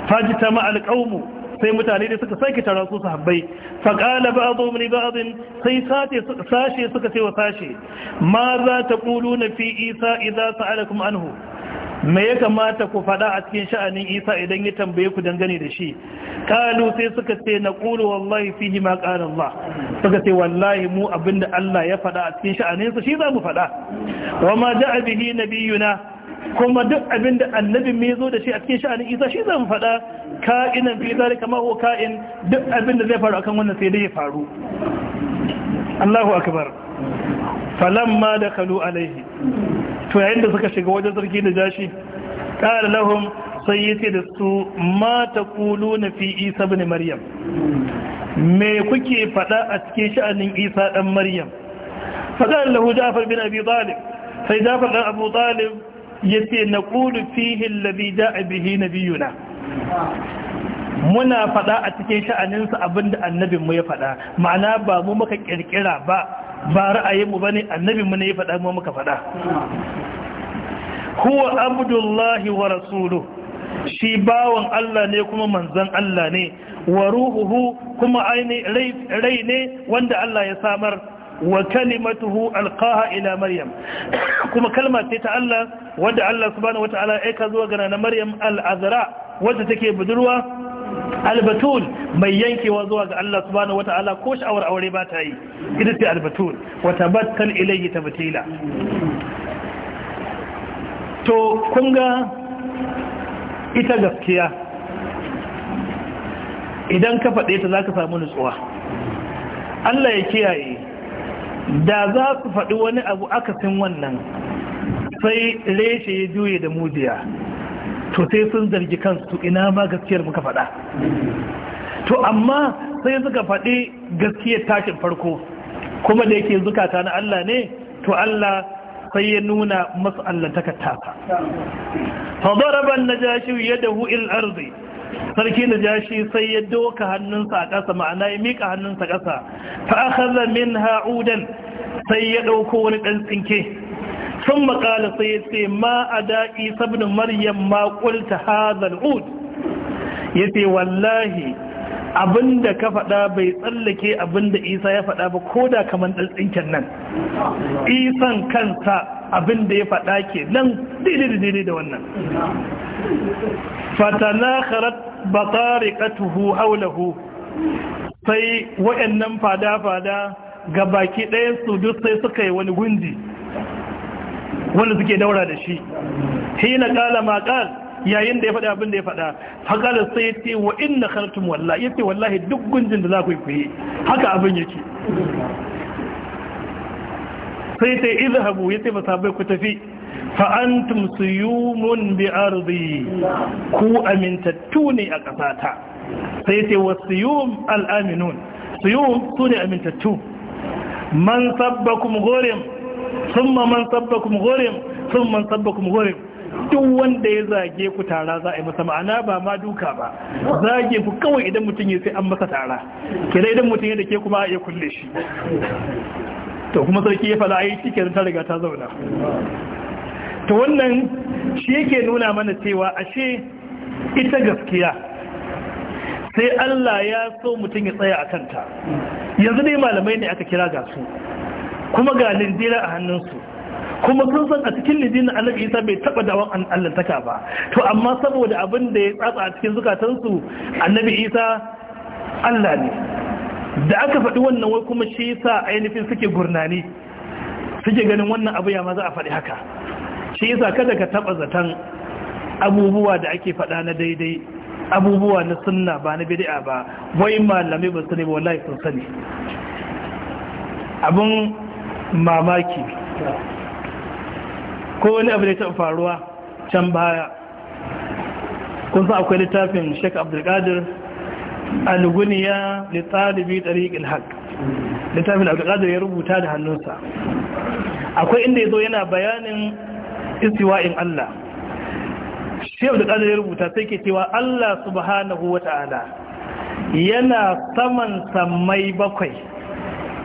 fajita ma alqawmu sai mutane da suka sake tara su sahabbai fa qala ba'dhu min ba'd sai sace sashe suka ce wa sashe ma za ta quluna fi isa idza sa'alakum anhu me ya kamata ku faɗa a cikin sha'anin isa idan ya tambaye ku dangane da shi kalu sai suka ce na ƙulu wallahi fihi ma ƙarin Allah suka ce wallahi mu abinda Allah ya faɗa a cikin sha'aninsa shi za mu faɗa wa ma da'a bihi nabiyuna kuma duk abinda annabi mai zo da shi a cikin sha'anin isa shi za mu faɗa ka'inan fi zalika ma huwa ka'in duk abin da zai faru akan wannan sai dai ya faru Allahu akbar da Kano alaihi to yayin da suka shiga wajen sarki da jashi ƙara lahum sai yace da su mata taquluna fi isa ibn maryam me kuke faɗa a cikin sha'anin isa ɗan maryam faqala lahu jafar bin abi talib sai jafar ɗan abu talib yace na fihi alladhi ja'a bihi nabiyuna muna fada a cikin sha'aninsa abinda mu ya faɗa ma'ana ba mu muka kirkira ba ba mu ba ne annabinmu ne ya fada mu muka fada huwa abdullahi wa rasulu shi bawan Allah ne kuma manzan Allah ne wa ruhuhu kuma rai ne wanda Allah ya samar wa kalimatuhu alqaha ila maryam kuma kalma ce ta Allah wanda Allah subhanahu wataala ya aika zuwa ga na maryam al-azra wadda take budurwa albatul mai yankewa zuwa ga Allah subhanahu wata'ala ko sha'awar aure ba ta yi ita ce albatul wata battal ilayhi tabtila to kun ga ita gaskiya idan ka faɗe ta za samu nutsuwa Allah ya kiyaye da za su faɗi wani abu akasin wannan sai reshe ya juye da mujiya to sai sun zargi kansu ina ma gaskiyar muka faɗa to amma sai suka faɗi gaskiyar tashin farko kuma da yake zukata na Allah ne to Allah sai ya nuna masu allantakar taka na daraban ya yadahu il arzi. sarki na jashi sai ya doka hannunsa a ƙasa ma'ana ya miƙa hannunsa ƙasa fa akhadha minha udan sai ya ɗauko wani ɗan tsinke sun makala sai ya ce ma a da'i sabbin maryam ma ƙulta hazal ya ce wallahi abinda ka faɗa bai tsallake abinda isa ya faɗa ba ko da kamar ɗaltsinken nan isan kansa abinda ya faɗa ke nan daidai da wannan fatanakarat batarikatuhu haulahu sai waɗannan fada-fada ga baki ɗayan su duk sai suka yi wani gundi wanda suke daura da shi hina kala ma kal. yayin da ya faɗa abin da ya faɗa faqala sai yace wa inna khaltum wallahi yace wallahi duk gunjin da za ku yi haka abin yake sai ta izhabu yace masabai ku tafi fa antum suyumun bi ardi ku amintattu ne a kasata sai ta wasiyum al aminun suyum sune amintattu man sabbakum ghurim Sun man sabbakum ghurim sun man sabbakum ghurim duk wanda ya zage ku tara za a yi masa ma'ana ba ma duka ba zage ku kawai idan mutum ya sai an masa tara kira idan mutum ya da ke kuma ya kulle shi to kuma sarki ya fada ai cikin ta riga ta zauna to wannan shi yake nuna mana cewa ashe ita gaskiya sai Allah ya so mutum ya tsaya a kanta yanzu dai malamai ne aka kira ga su kuma ga lindira a hannunsu kuma sun san a cikin linjira annabi isa bai taba dawon an allantaka ba to amma saboda abin da ya tsatsa a cikin zukatansu annabi isa allah ne da aka faɗi wannan wai kuma shi yasa ainihin suke gurnani suke ganin wannan abu ya ma za a faɗi haka shi yasa kada ka taba zaton abubuwa da ake faɗa na daidai abubuwa na sunna ba na bid'a ba wai malamai ba su ne wallahi sun sani abun mamaki ko wani abu da taɓa faruwa can baya kun sa akwai littafin shek abdulkadir alguniya da da tariqil haq littafin abdulkadir ya rubuta da hannunsa akwai inda ya zo yana bayanin in Allah shi abdulkadir ya rubuta sai ke cewa Allah subhanahu Ta'ala yana saman samai bakwai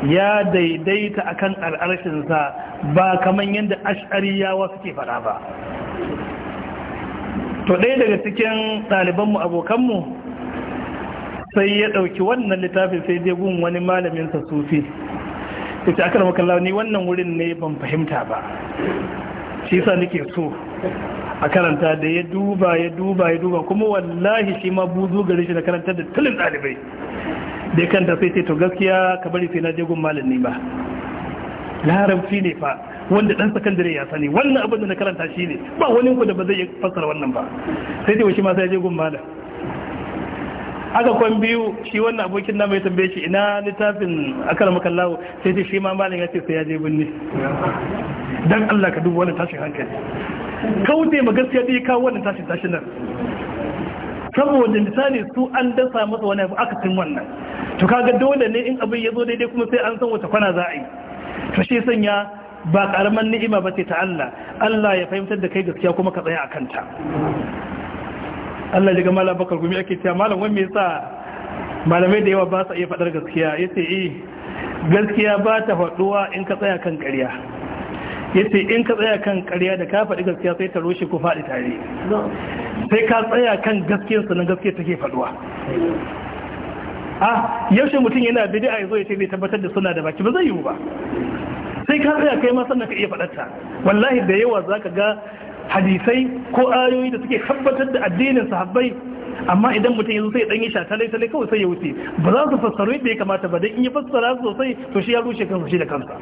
ya daidaita akan al'arshinsa ba kaman yadda ash'ariyawa suke fara ba to ɗaya daga cikin ɗalibanmu abokanmu sai ya ɗauki wannan littafin sai dai gun wani malaminsa sufi ya ce aka da ni wannan wurin ne ban fahimta ba shi sa nake so a karanta da ya duba ya duba ya duba kuma wallahi shi ma buzu gari shi na karanta da tulin ɗalibai da ya kanta sai ce to gaskiya ka bari sai na je gun malam ne ba larabci ne fa wanda dan sakandare ya sani wannan abin da na karanta shi ne ba wani ku da ba zai fassara wannan ba sai dai shi ma sai je gun malam aka kwan biyu shi wannan abokin na mai tambaye shi ina littafin akar makallawo sai ce shi ma malam ya ce sai ya je binne dan Allah ka duba wannan tashin hankali kauce ma gaskiya dai kawo wannan tashin tashin nan saboda misali su an dasa masa wani abu aka cin wannan to kaga dole ne in abin ya zo daidai kuma sai an san wata kwana za a yi to shi sanya ba karamar ni'ima ba ce ta Allah Allah ya fahimtar da kai gaskiya kuma ka tsaya a kanta Allah ya ga malam bakar gumi ake cewa malam wani me yasa malamai da yawa ba su iya faɗar gaskiya yace eh gaskiya ba ta faɗuwa in ka tsaya kan ƙarya yace in ka tsaya kan ƙarya da ka faɗi gaskiya sai ta roshi ku faɗi tare sai ka tsaya kan gaskiyarsa na gaske take faduwa a ah, yaushe mutum yana bid'a yazo ya ce zai tabbatar da suna da baki ba zai yiwu ba sai ka tsaya kai ma sannan ka iya fadarta wallahi da yawa za ka ga hadisai ko ayoyi da suke tabbatar da addinin sahabbai amma idan mutum yanzu sai dan yi talai talai kawai sai ya wuce ba za su fassaro yadda ya kamata ba dan in ya fassara sosai to shi ya rushe kansa shi da kansa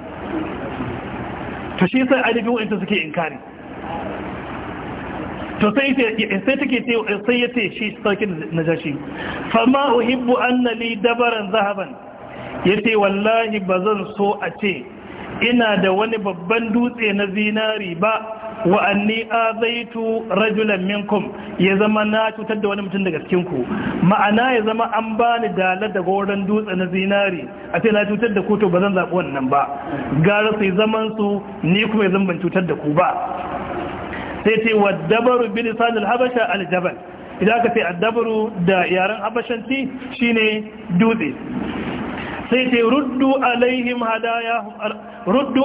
to shi sai ainihin wa'anta suke inkari to sai sai take ce sai yace shi sarkin najashi fama uhibbu anna li dabaran zahaban yace wallahi bazan so a ce ina da wani babban dutse na zinari ba wa anni azaitu rajulan minkum ya zama na cutar da wani mutum daga cikin ku ma'ana ya zama an bani dalar da goran dutse na zinari a ce na cutar da ku to bazan zabi wannan ba gara sai zaman su ni kuma ya zama ban cutar da ku ba sai ce wa dabaru bin lisan habasha al-jabal idan ka a dabaru da yaren habashanci shine dutse sai ce ruddu alaihim hadayahum ruddu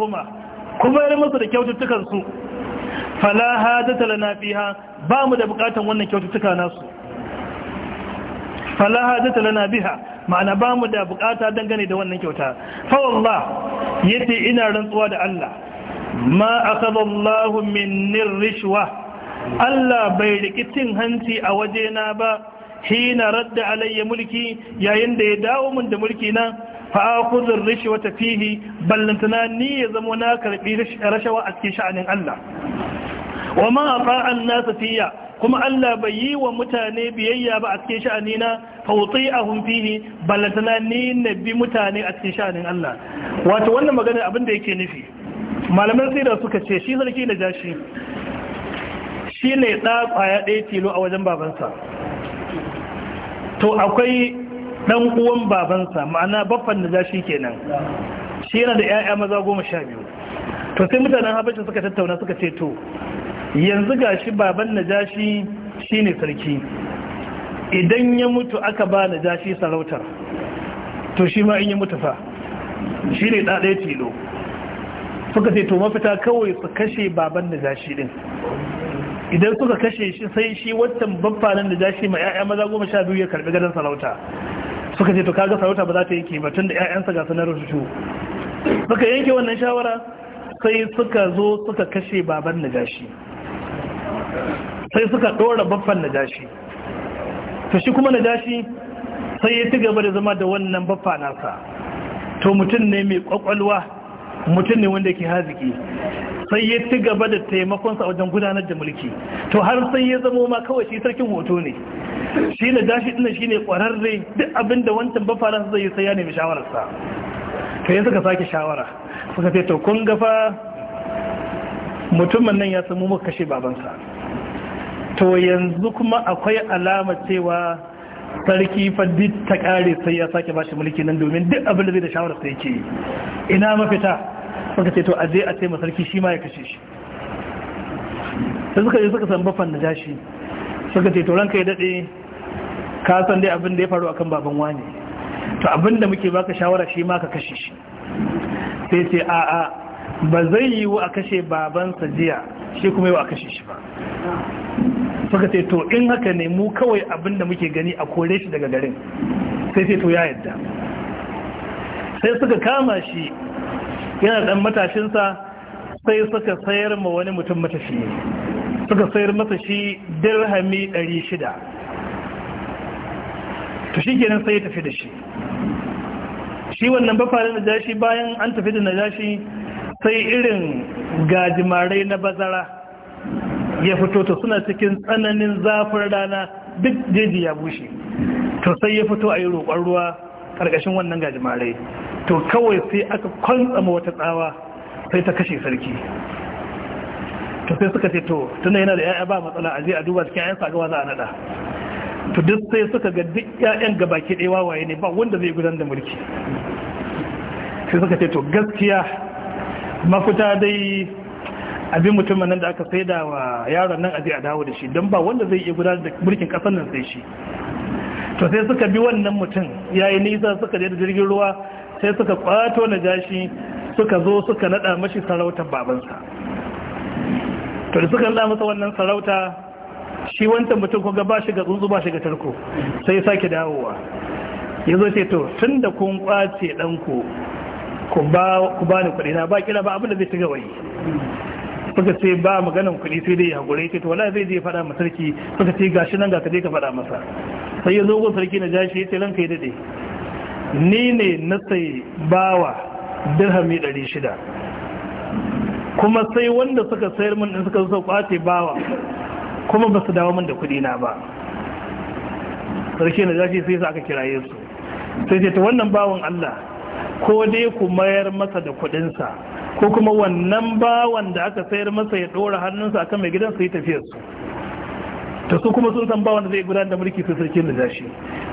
huma kuma yar musu da kyaututtukan su fala hadata lana fiha ba mu da bukatan wannan kyaututtuka nasu Falaha hadata lana biha ma'ana ba mu da bukata dangane da wannan kyauta fa wallah yace ina rantsuwa da Allah ma akhadha Allahu minni rishwa Allah bai rikicin hanci a wajena ba hina radda alayya mulki yayin da ya dawo mun da mulki na fa akhudhu tafihi fihi ballantana ni ya zama na karbi rashawa a cikin sha'anin Allah wa ma ata'a safiya, kuma Allah bai yi wa mutane biyayya ba a cikin sha'ani na fa a hunfihi ballantana ni nabi mutane a cikin sha'anin Allah wato wannan magana abin da yake nufi malaman tsira suka ce shi sarki da jashi shi ne ɗa ƙwaya ɗaya tilo a wajen babansa to akwai ɗan uwan babansa ma'ana baffan da jashi kenan shi yana da 'ya'ya maza goma sha biyu to sai mutanen habashin suka tattauna suka ce to yanzu ga shi baban najashi shi ne sarki idan ya mutu aka ba jashi sarautar to shi ma in ya mutu fa shi ne ɗaɗaya tilo suka ce to mafita kawai su kashe baban da gashi din idan suka kashe shi sai shi watan babbanin da gashi ma 'ya'ya maza goma sha biyu ya karbi gadon sarauta suka ce to kaga sarauta ba za ta yanke ba tun da 'ya'yansa ga sanar rutu suka yanke wannan shawara sai suka zo suka kashe baban da gashi sai suka ɗora babban na gashi to shi kuma na gashi sai ya ci gaba da zama da wannan babba nasa to mutum ne mai kwakwalwa mutum ne wanda ke haziki sai ya ci gaba da taimakonsa wajen gudanar da mulki to har sai ya zama ma kawai shi sarkin hoto ne shi ne dashi ɗina shi ne ƙwararre duk abin da wancan ba zai yi sai ya nemi shawararsa to ya suka sake shawara suka ce to kun gafa mutumin nan ya samu muka kashe babansa to yanzu kuma akwai alamar cewa sarki fa ta kare sai ya sake bashi mulki nan domin duk abin da zai da shawarar sai yake ina mafita suka ce to a je a ce ma sarki shi ma ya kashe shi sai suka yi suka san bafan jashi, suka ce to ranka ya dade ka san dai abin da ya faru akan baban wani to abin da muke baka shawara shi ma ka kashe shi sai ce a a ba zai yi wa a kashe babansa jiya shi kuma yi wa a kashe shi ba suka ce to in haka ne mu kawai abin da muke gani a kore shi daga garin sai sai to ya yadda sai suka kama shi yana dan matashinsa sai suka sayar ma wani mutum matashi suka sayar masa shi dirhami 600 to shi sai ya tafi da shi shi wannan bafarin najashi bayan an tafi da na najashi sai irin gajimarai na bazara ya fito to suna cikin tsananin zafin rana duk jeji ya bushe to sai ya fito a yi roƙon ruwa ƙarƙashin wannan gajimare to kawai sai aka kwantsama wata tsawa sai ta kashe sarki to sai suka ce to tunda yana da ya'ya ba matsala a je a duba cikin ya'yan sagawa za a nada to duk sai suka ga duk ya'yan gabaki ɗaya wawaye ne ba wanda zai gudanar da mulki sai suka ce to gaskiya mafita dai abin mutumin nan da aka saida wa yaron nan aje a dawo da shi don ba wanda zai iya gudanar da mulkin kasar nan sai shi to sai suka bi wannan mutum yayi nisa suka je da jirgin ruwa sai suka kwato na jashi suka zo suka nada mashi sarautar babansa to da suka nada masa wannan sarauta shi wancan mutum ko ga ba shi ga tsuntsu ba shi ga tarko sai sake dawowa zo ce to tun da kun kwace danku ku ba ni kuɗi na ba kira ba abin da zai ci gawayi suka ce ba maganan kuɗi sai dai ya haƙure ce to wala zai je faɗa ma sarki suka ce gashi nan ga ka je ka faɗa masa sai ya zo gun sarki na jashi ya ce ranka ya daɗe ni ne na sai bawa dirhami ɗari shida kuma sai wanda suka sayar min suka zo kwace bawa kuma ba su dawo min da kuɗi na ba sarki na jashi sai sa aka kiraye su sai ce ta wannan bawan Allah ko dai ku mayar masa da kuɗinsa ko kuma wannan bawan da aka sayar masa ya ɗora hannunsa akan mai gidan su yi tafiyarsu ta su kuma sun san ba wanda zai gudanar da mulki sai sarki da shi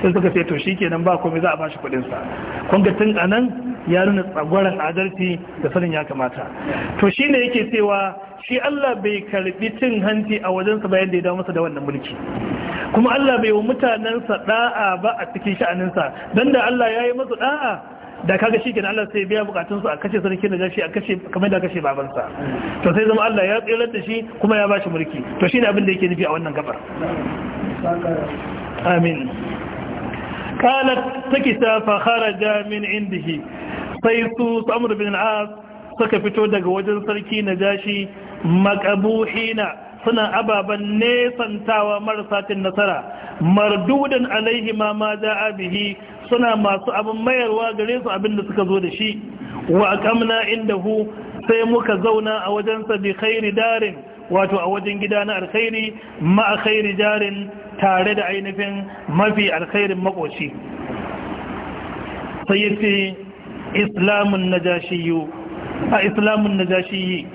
sai suka ce to shikenan ba komai za a bashi kudin sa kun ga tun anan ya nuna tsagwaran adalci da sanin ya kamata to shine yake cewa shi Allah bai karbi cin hanci a wajen sa bayan da ya dawo masa da wannan mulki kuma Allah bai wa mutanen sa da'a ba a cikin sha'anin sa dan da Allah ya yi masa da'a da kaga shi kenan Allah sai biya bukatun su a kashe sarki da gashi a kashe kamar da kashe babansa to sai zama Allah ya tsirar da shi kuma ya bashi mulki to shine abin da yake nufi a wannan gabar amin kalat takisa fa kharaja min indihi sai su Amr bin al-As suka fito daga wajen sarki Najashi maqabuhina suna ababen nesantawa marasa cin nasara mardudan alaihi ma ma ja'a bihi suna masu abin mayarwa gare su abin da suka zo da shi wa inda hu sai muka zauna a wajen sa bi khairi darin wato a wajen gida na alkhairi ma khairi jarin tare da ainihin mafi alkhairin makoci sai yace islamun najashiyyu a islamun najashiyyi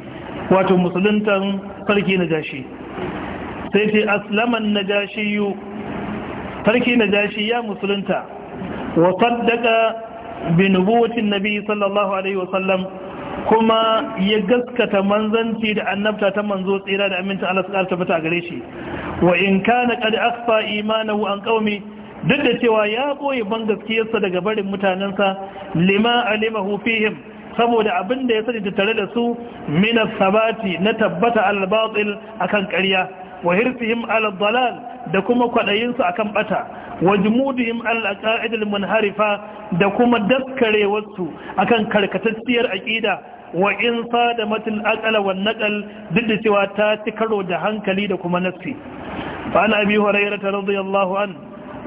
wato musuluntan na gashi sai ce aslaman najashi yu na gashi ya musulunta wa saddaka bi nabi sallallahu alaihi wasallam kuma ya gaskata manzanci da annabta ta manzo tsira da aminta Allah su tabbata gare shi wa in kana qad akhfa imanahu an qaumi duk da cewa ya koyi ban gaskiyarsa daga barin mutanensa lima alimahu fihim saboda abin da ya sani tattare da su min sabati na tabbata albasil akan ƙarya wa hirsihim al-dalal da kuma kwadayin akan bata wa jumudihim al-aqaid al-munharifa da kuma daskare wasu akan karkatacciyar aqida wa in sadamatil aqal wan wa duk da ta ci karo da hankali da kuma nafsi fa ana abi hurairah radiyallahu an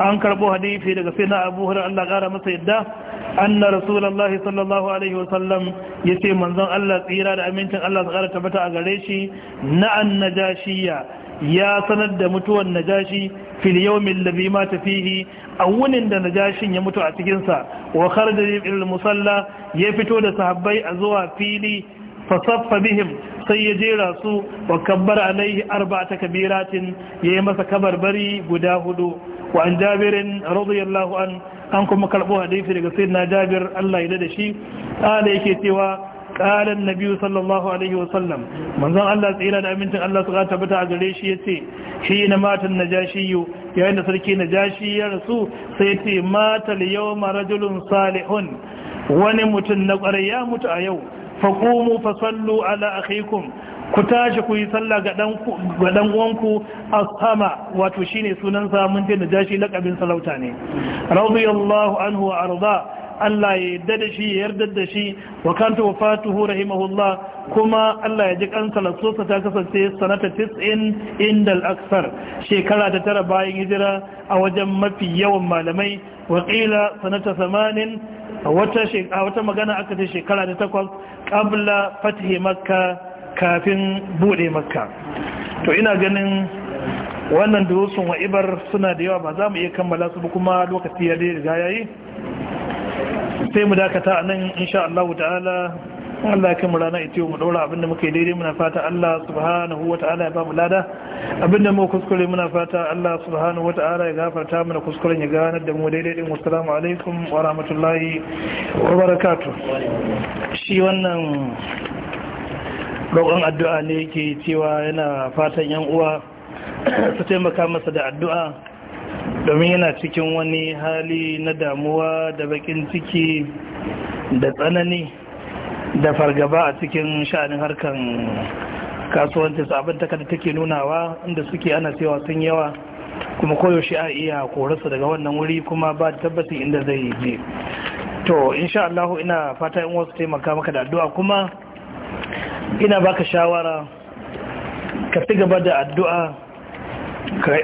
an karbo hadisi daga sayyidina abu hurairah Allah kara masa yadda anna rasulullahi sallallahu alaihi wasallam yace manzon Allah tsira da amincin Allah su ƙara tabbata a gare shi na annajashiya ya sanar da mutuwan najashi fil yawmin ladhi mata fihi a wunin da najashin ya mutu a cikin sa wa kharaja ila musalla ya fito da sahabbai a zuwa fili fasaffa bihim sai ya jera su wa kabbar alaihi ta kabiratin yayi masa kabarbari guda hudu وعن جابر رضي الله عنه أنكم مكربوا حديث لقصيدنا جابر الله إلى شيء قال يكي سوى قال النبي صلى الله عليه وسلم من ذا الله تعالى دا amincin Allah su gata bata gare shi yace shi na matan najashi yayin da sarki najashi ya rasu sai yace mata al yawma rajulun salihun wani mutum na ƙwarai ya mutu a yau faqumu fasallu ku tashi ku yi sallah ga dan uwanku as-sama wato shine sunan sa mun da jashi lakabin salauta ne radiyallahu anhu wa arda Allah ya yarda da shi ya yarda da shi wa kanta wafatuhu rahimahullah kuma Allah ya ji kansa lasosa ta kasance sanata 90 inda al-aksar shekara ta tara bayan hijira a wajen mafi yawan malamai wa qila sanata 80 wata shekara wata magana aka ce shekara ta takwas qabla fathi makkah kafin bude makka to ina ganin wannan durusun wa ibar suna da yawa ba za mu iya kammala su kuma lokaci ya dai riga yayi sai mu dakata a nan insha Allah ta'ala Allah kai kan rana ita mu daura abinda muke daidai muna fata Allah subhanahu wa ta'ala ya ba mu lada abinda mu kuskure muna fata Allah subhanahu wa ta'ala ya gafarta mana kuskuren ya ganar da mu daidai din assalamu alaikum wa rahmatullahi wa barakatuh shi wannan roƙon addu'a ne ke cewa yana fatan yan uwa su taimaka masa da addu'a domin yana cikin wani hali na damuwa da bakin ciki da tsanani da fargaba a cikin sha'anin Harkar kasuwanci abin takarda take nunawa inda suke ana cewa sun yawa kuma koyaushe a iya korarsa daga wannan wuri kuma ba tabbacin inda zai je to insha Allah ina fata in wasu taimaka maka da addu'a kuma ina baka shawara ka ci gaba da addu'a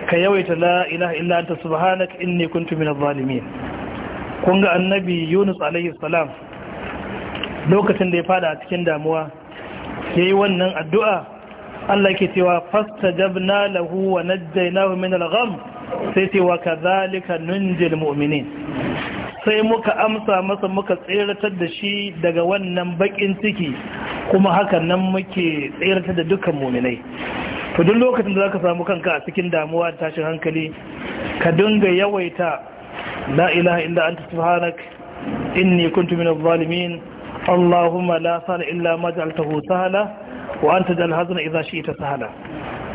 ka yawaita la ilaha illa anta subhanaka inni kuntu minadh zalimin kun ga annabi Yunus alaihi salam lokacin da ya fada a cikin damuwa ya yi wannan addu'a Allah yake cewa lahuwa lahu wa na min al sai cewa zalika nunjil mu'minin sai muka amsa masa muka tseratar da shi daga wannan bakin ciki kuma hakan nan muke tseratar da dukkan muminai to duk lokacin da zaka samu kanka a cikin damuwa da tashin hankali ka dinga yawaita la ilaha illa anta subhanak inni kuntu minadh zalimin allahumma la sahla illa ma ja'altahu sahla wa anta ja'al hazna idha shi'ta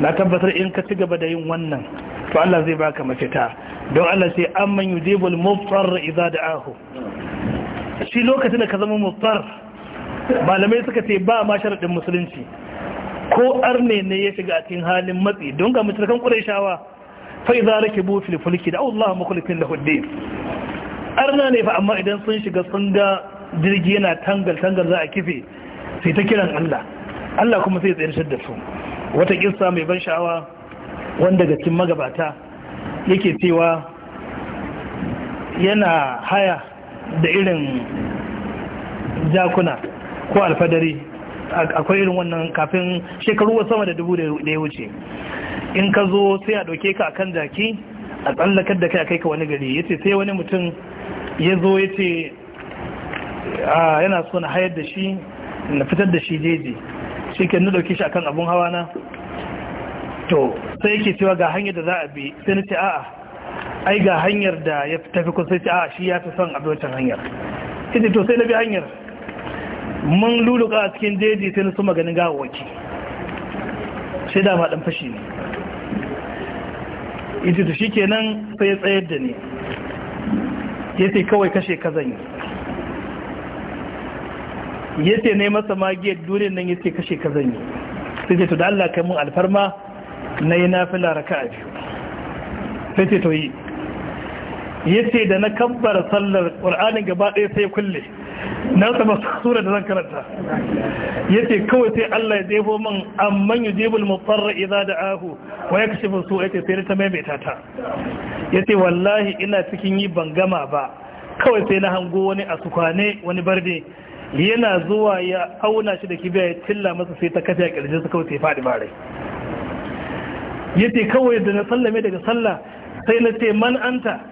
na tabbatar in ka ci gaba da yin wannan to Allah zai baka mafita don Allah sai amman yujibul muftar idza da'ahu shi lokacin da ka zama muftar malamai suka ce ba ma sharadin musulunci ko arne ne ya shiga cikin halin matsi don ga mutukan qurayshawa fa idza rakibu fil fulki da Allah mukhlisin lahu ad arna ne fa amma idan sun shiga sun ga jirgi yana tangal tangal za a kife sai ta kiran Allah Allah kuma sai ya tsayar da su wata kissa mai ban sha'awa wanda daga cikin magabata yake cewa yana haya da irin jakuna ko alfadari akwai irin wannan kafin shekaru sama da dubu da ya wuce in ka zo sai a dauke ka akan jaki a tsallakar da kai a kai ka wani gari ya ce sai wani mutum ya zo ya ce yana so na hayar da shi na fitar da shi jeji shi ke na ɗauke shi akan abun hawa na to sai yake cewa ga hanyar da za a bi sai na ce a'a ai ga hanyar da ya tafi kun sai ce a'a shi ya fi son abin wancan hanyar sai to sai na bi hanyar mun luluka a cikin jeji sai na su maganin gawawaki sai da dan fashi ne ita to kenan sai ya tsayar da ni ce kawai kashe kazan yi ce ne masa magiyar dole nan ya ce kashe kazan yi sai ce to da Allah kai mun alfarma na yi nafila raka a biyu fete to yi ya ce da na kabbara sallar ƙwar'anin gaba ɗaya sai kulle na saba sura da zan karanta ya ce kawai sai Allah ya zai min amman yi jibul mutsarra iza da ahu wa ya kashe su ya sai sai ta maimaita ta ya ce wallahi ina cikin yi ban gama ba kawai sai na hango wani a sukwane wani barde yana zuwa ya auna shi da kibiya ya cilla masa sai ta kafa kirjin su kawai sai faɗi ba rai Ya ce kawai da na sallame daga sallah sai na ce man ta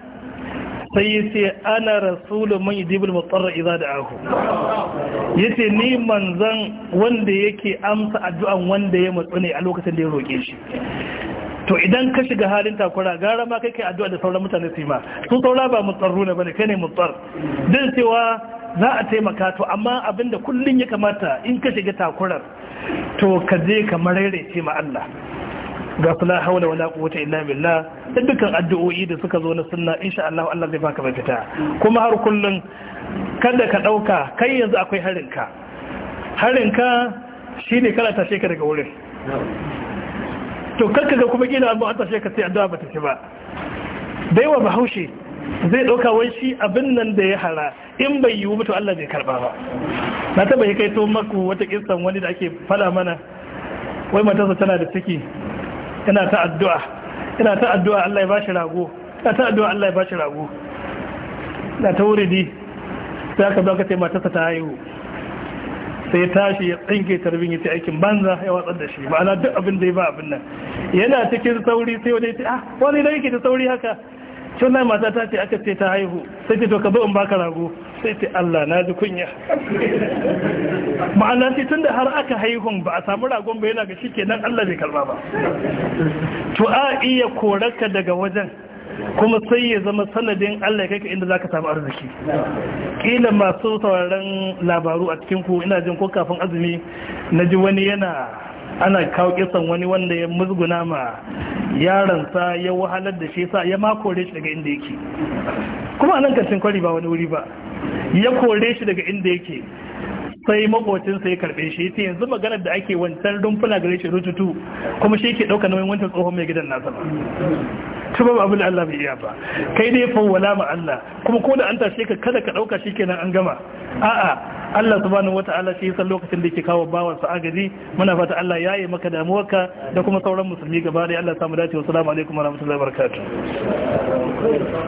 sai ce ana rasulu man iza da idza Ya ce ni manzan wanda yake amsa addu'an wanda ya matsu ne a lokacin da ya roƙe shi to idan ka shiga halin takura gara ma kai kai addu'a da sauran mutane su ma su saura ba mutsarru ne bane kai ne mutsar din cewa za a taimaka to amma abin da kullum ya kamata in ka shiga takurar to ka je ka ce ma Allah ga kula haula wala quwwata illa billah da dukkan addu'o'i da suka zo na sunna insha Allah Allah zai baka mafita kuma har kullun kada ka dauka kai yanzu akwai harinka harinka shine kana tashe ka daga wurin to karka ga kuma gina abu an tashe ka sai addu'a bata ci ba dai wa bahaushe zai dauka wai shi abin nan da ya hara in bai yiwu mutu Allah bai karba ba na taba kai to maku wata kissan wani da ake fada mana wai matarsa tana da ciki Yana ta addu'a yana ta addu'a Allah ya bashi rago yana ta addu'a Allah ya bashi rago na ta di sai aka zo aka ce mata ta haihu sai tashi ya tsinke tarbin yace aikin banza ya watsar da shi ma'ana duk abin da ya ba abin nan yana cikin sauri sai wani ya ce ah wani da yake da sauri haka tun na mata ta ce aka ce ta haihu sai ce to ka zo in baka rago sai ce Allah na ji kunya ma'ana ce tun da har aka haihun ba a samu ragon ba yana ga shi nan Allah bai karba ba to a iya koraka daga wajen kuma sai ya zama sanadin Allah ya kai ka inda zaka samu arziki kila masu sauraron labaru a cikin ku ina jin ko kafin azumi na ji wani yana ana kawo kisan wani wanda ya musguna ma yaransa ya wahalar da shi sa ya ma kore shi daga inda yake kuma anan kantin kwari ba wani wuri ba ya kore shi daga inda yake sai makocinsa ya karbe shi yace yanzu maganar da ake wancan rumfuna gare shi rututu kuma shi ke dauka nauyin wancan tsohon mai gidan nasa ba to babu abin Allah bai iya ba kai dai wala ma Allah kuma ko da an tashe ka kada ka dauka kenan an gama a'a Allah subhanahu wata'ala shi san lokacin da yake kawo bawan sa agaji muna fata Allah ya yi maka damuwarka da kuma sauran musulmi gaba da Allah samu dace wa salamu alaikum wa rahmatullahi wa barakatuh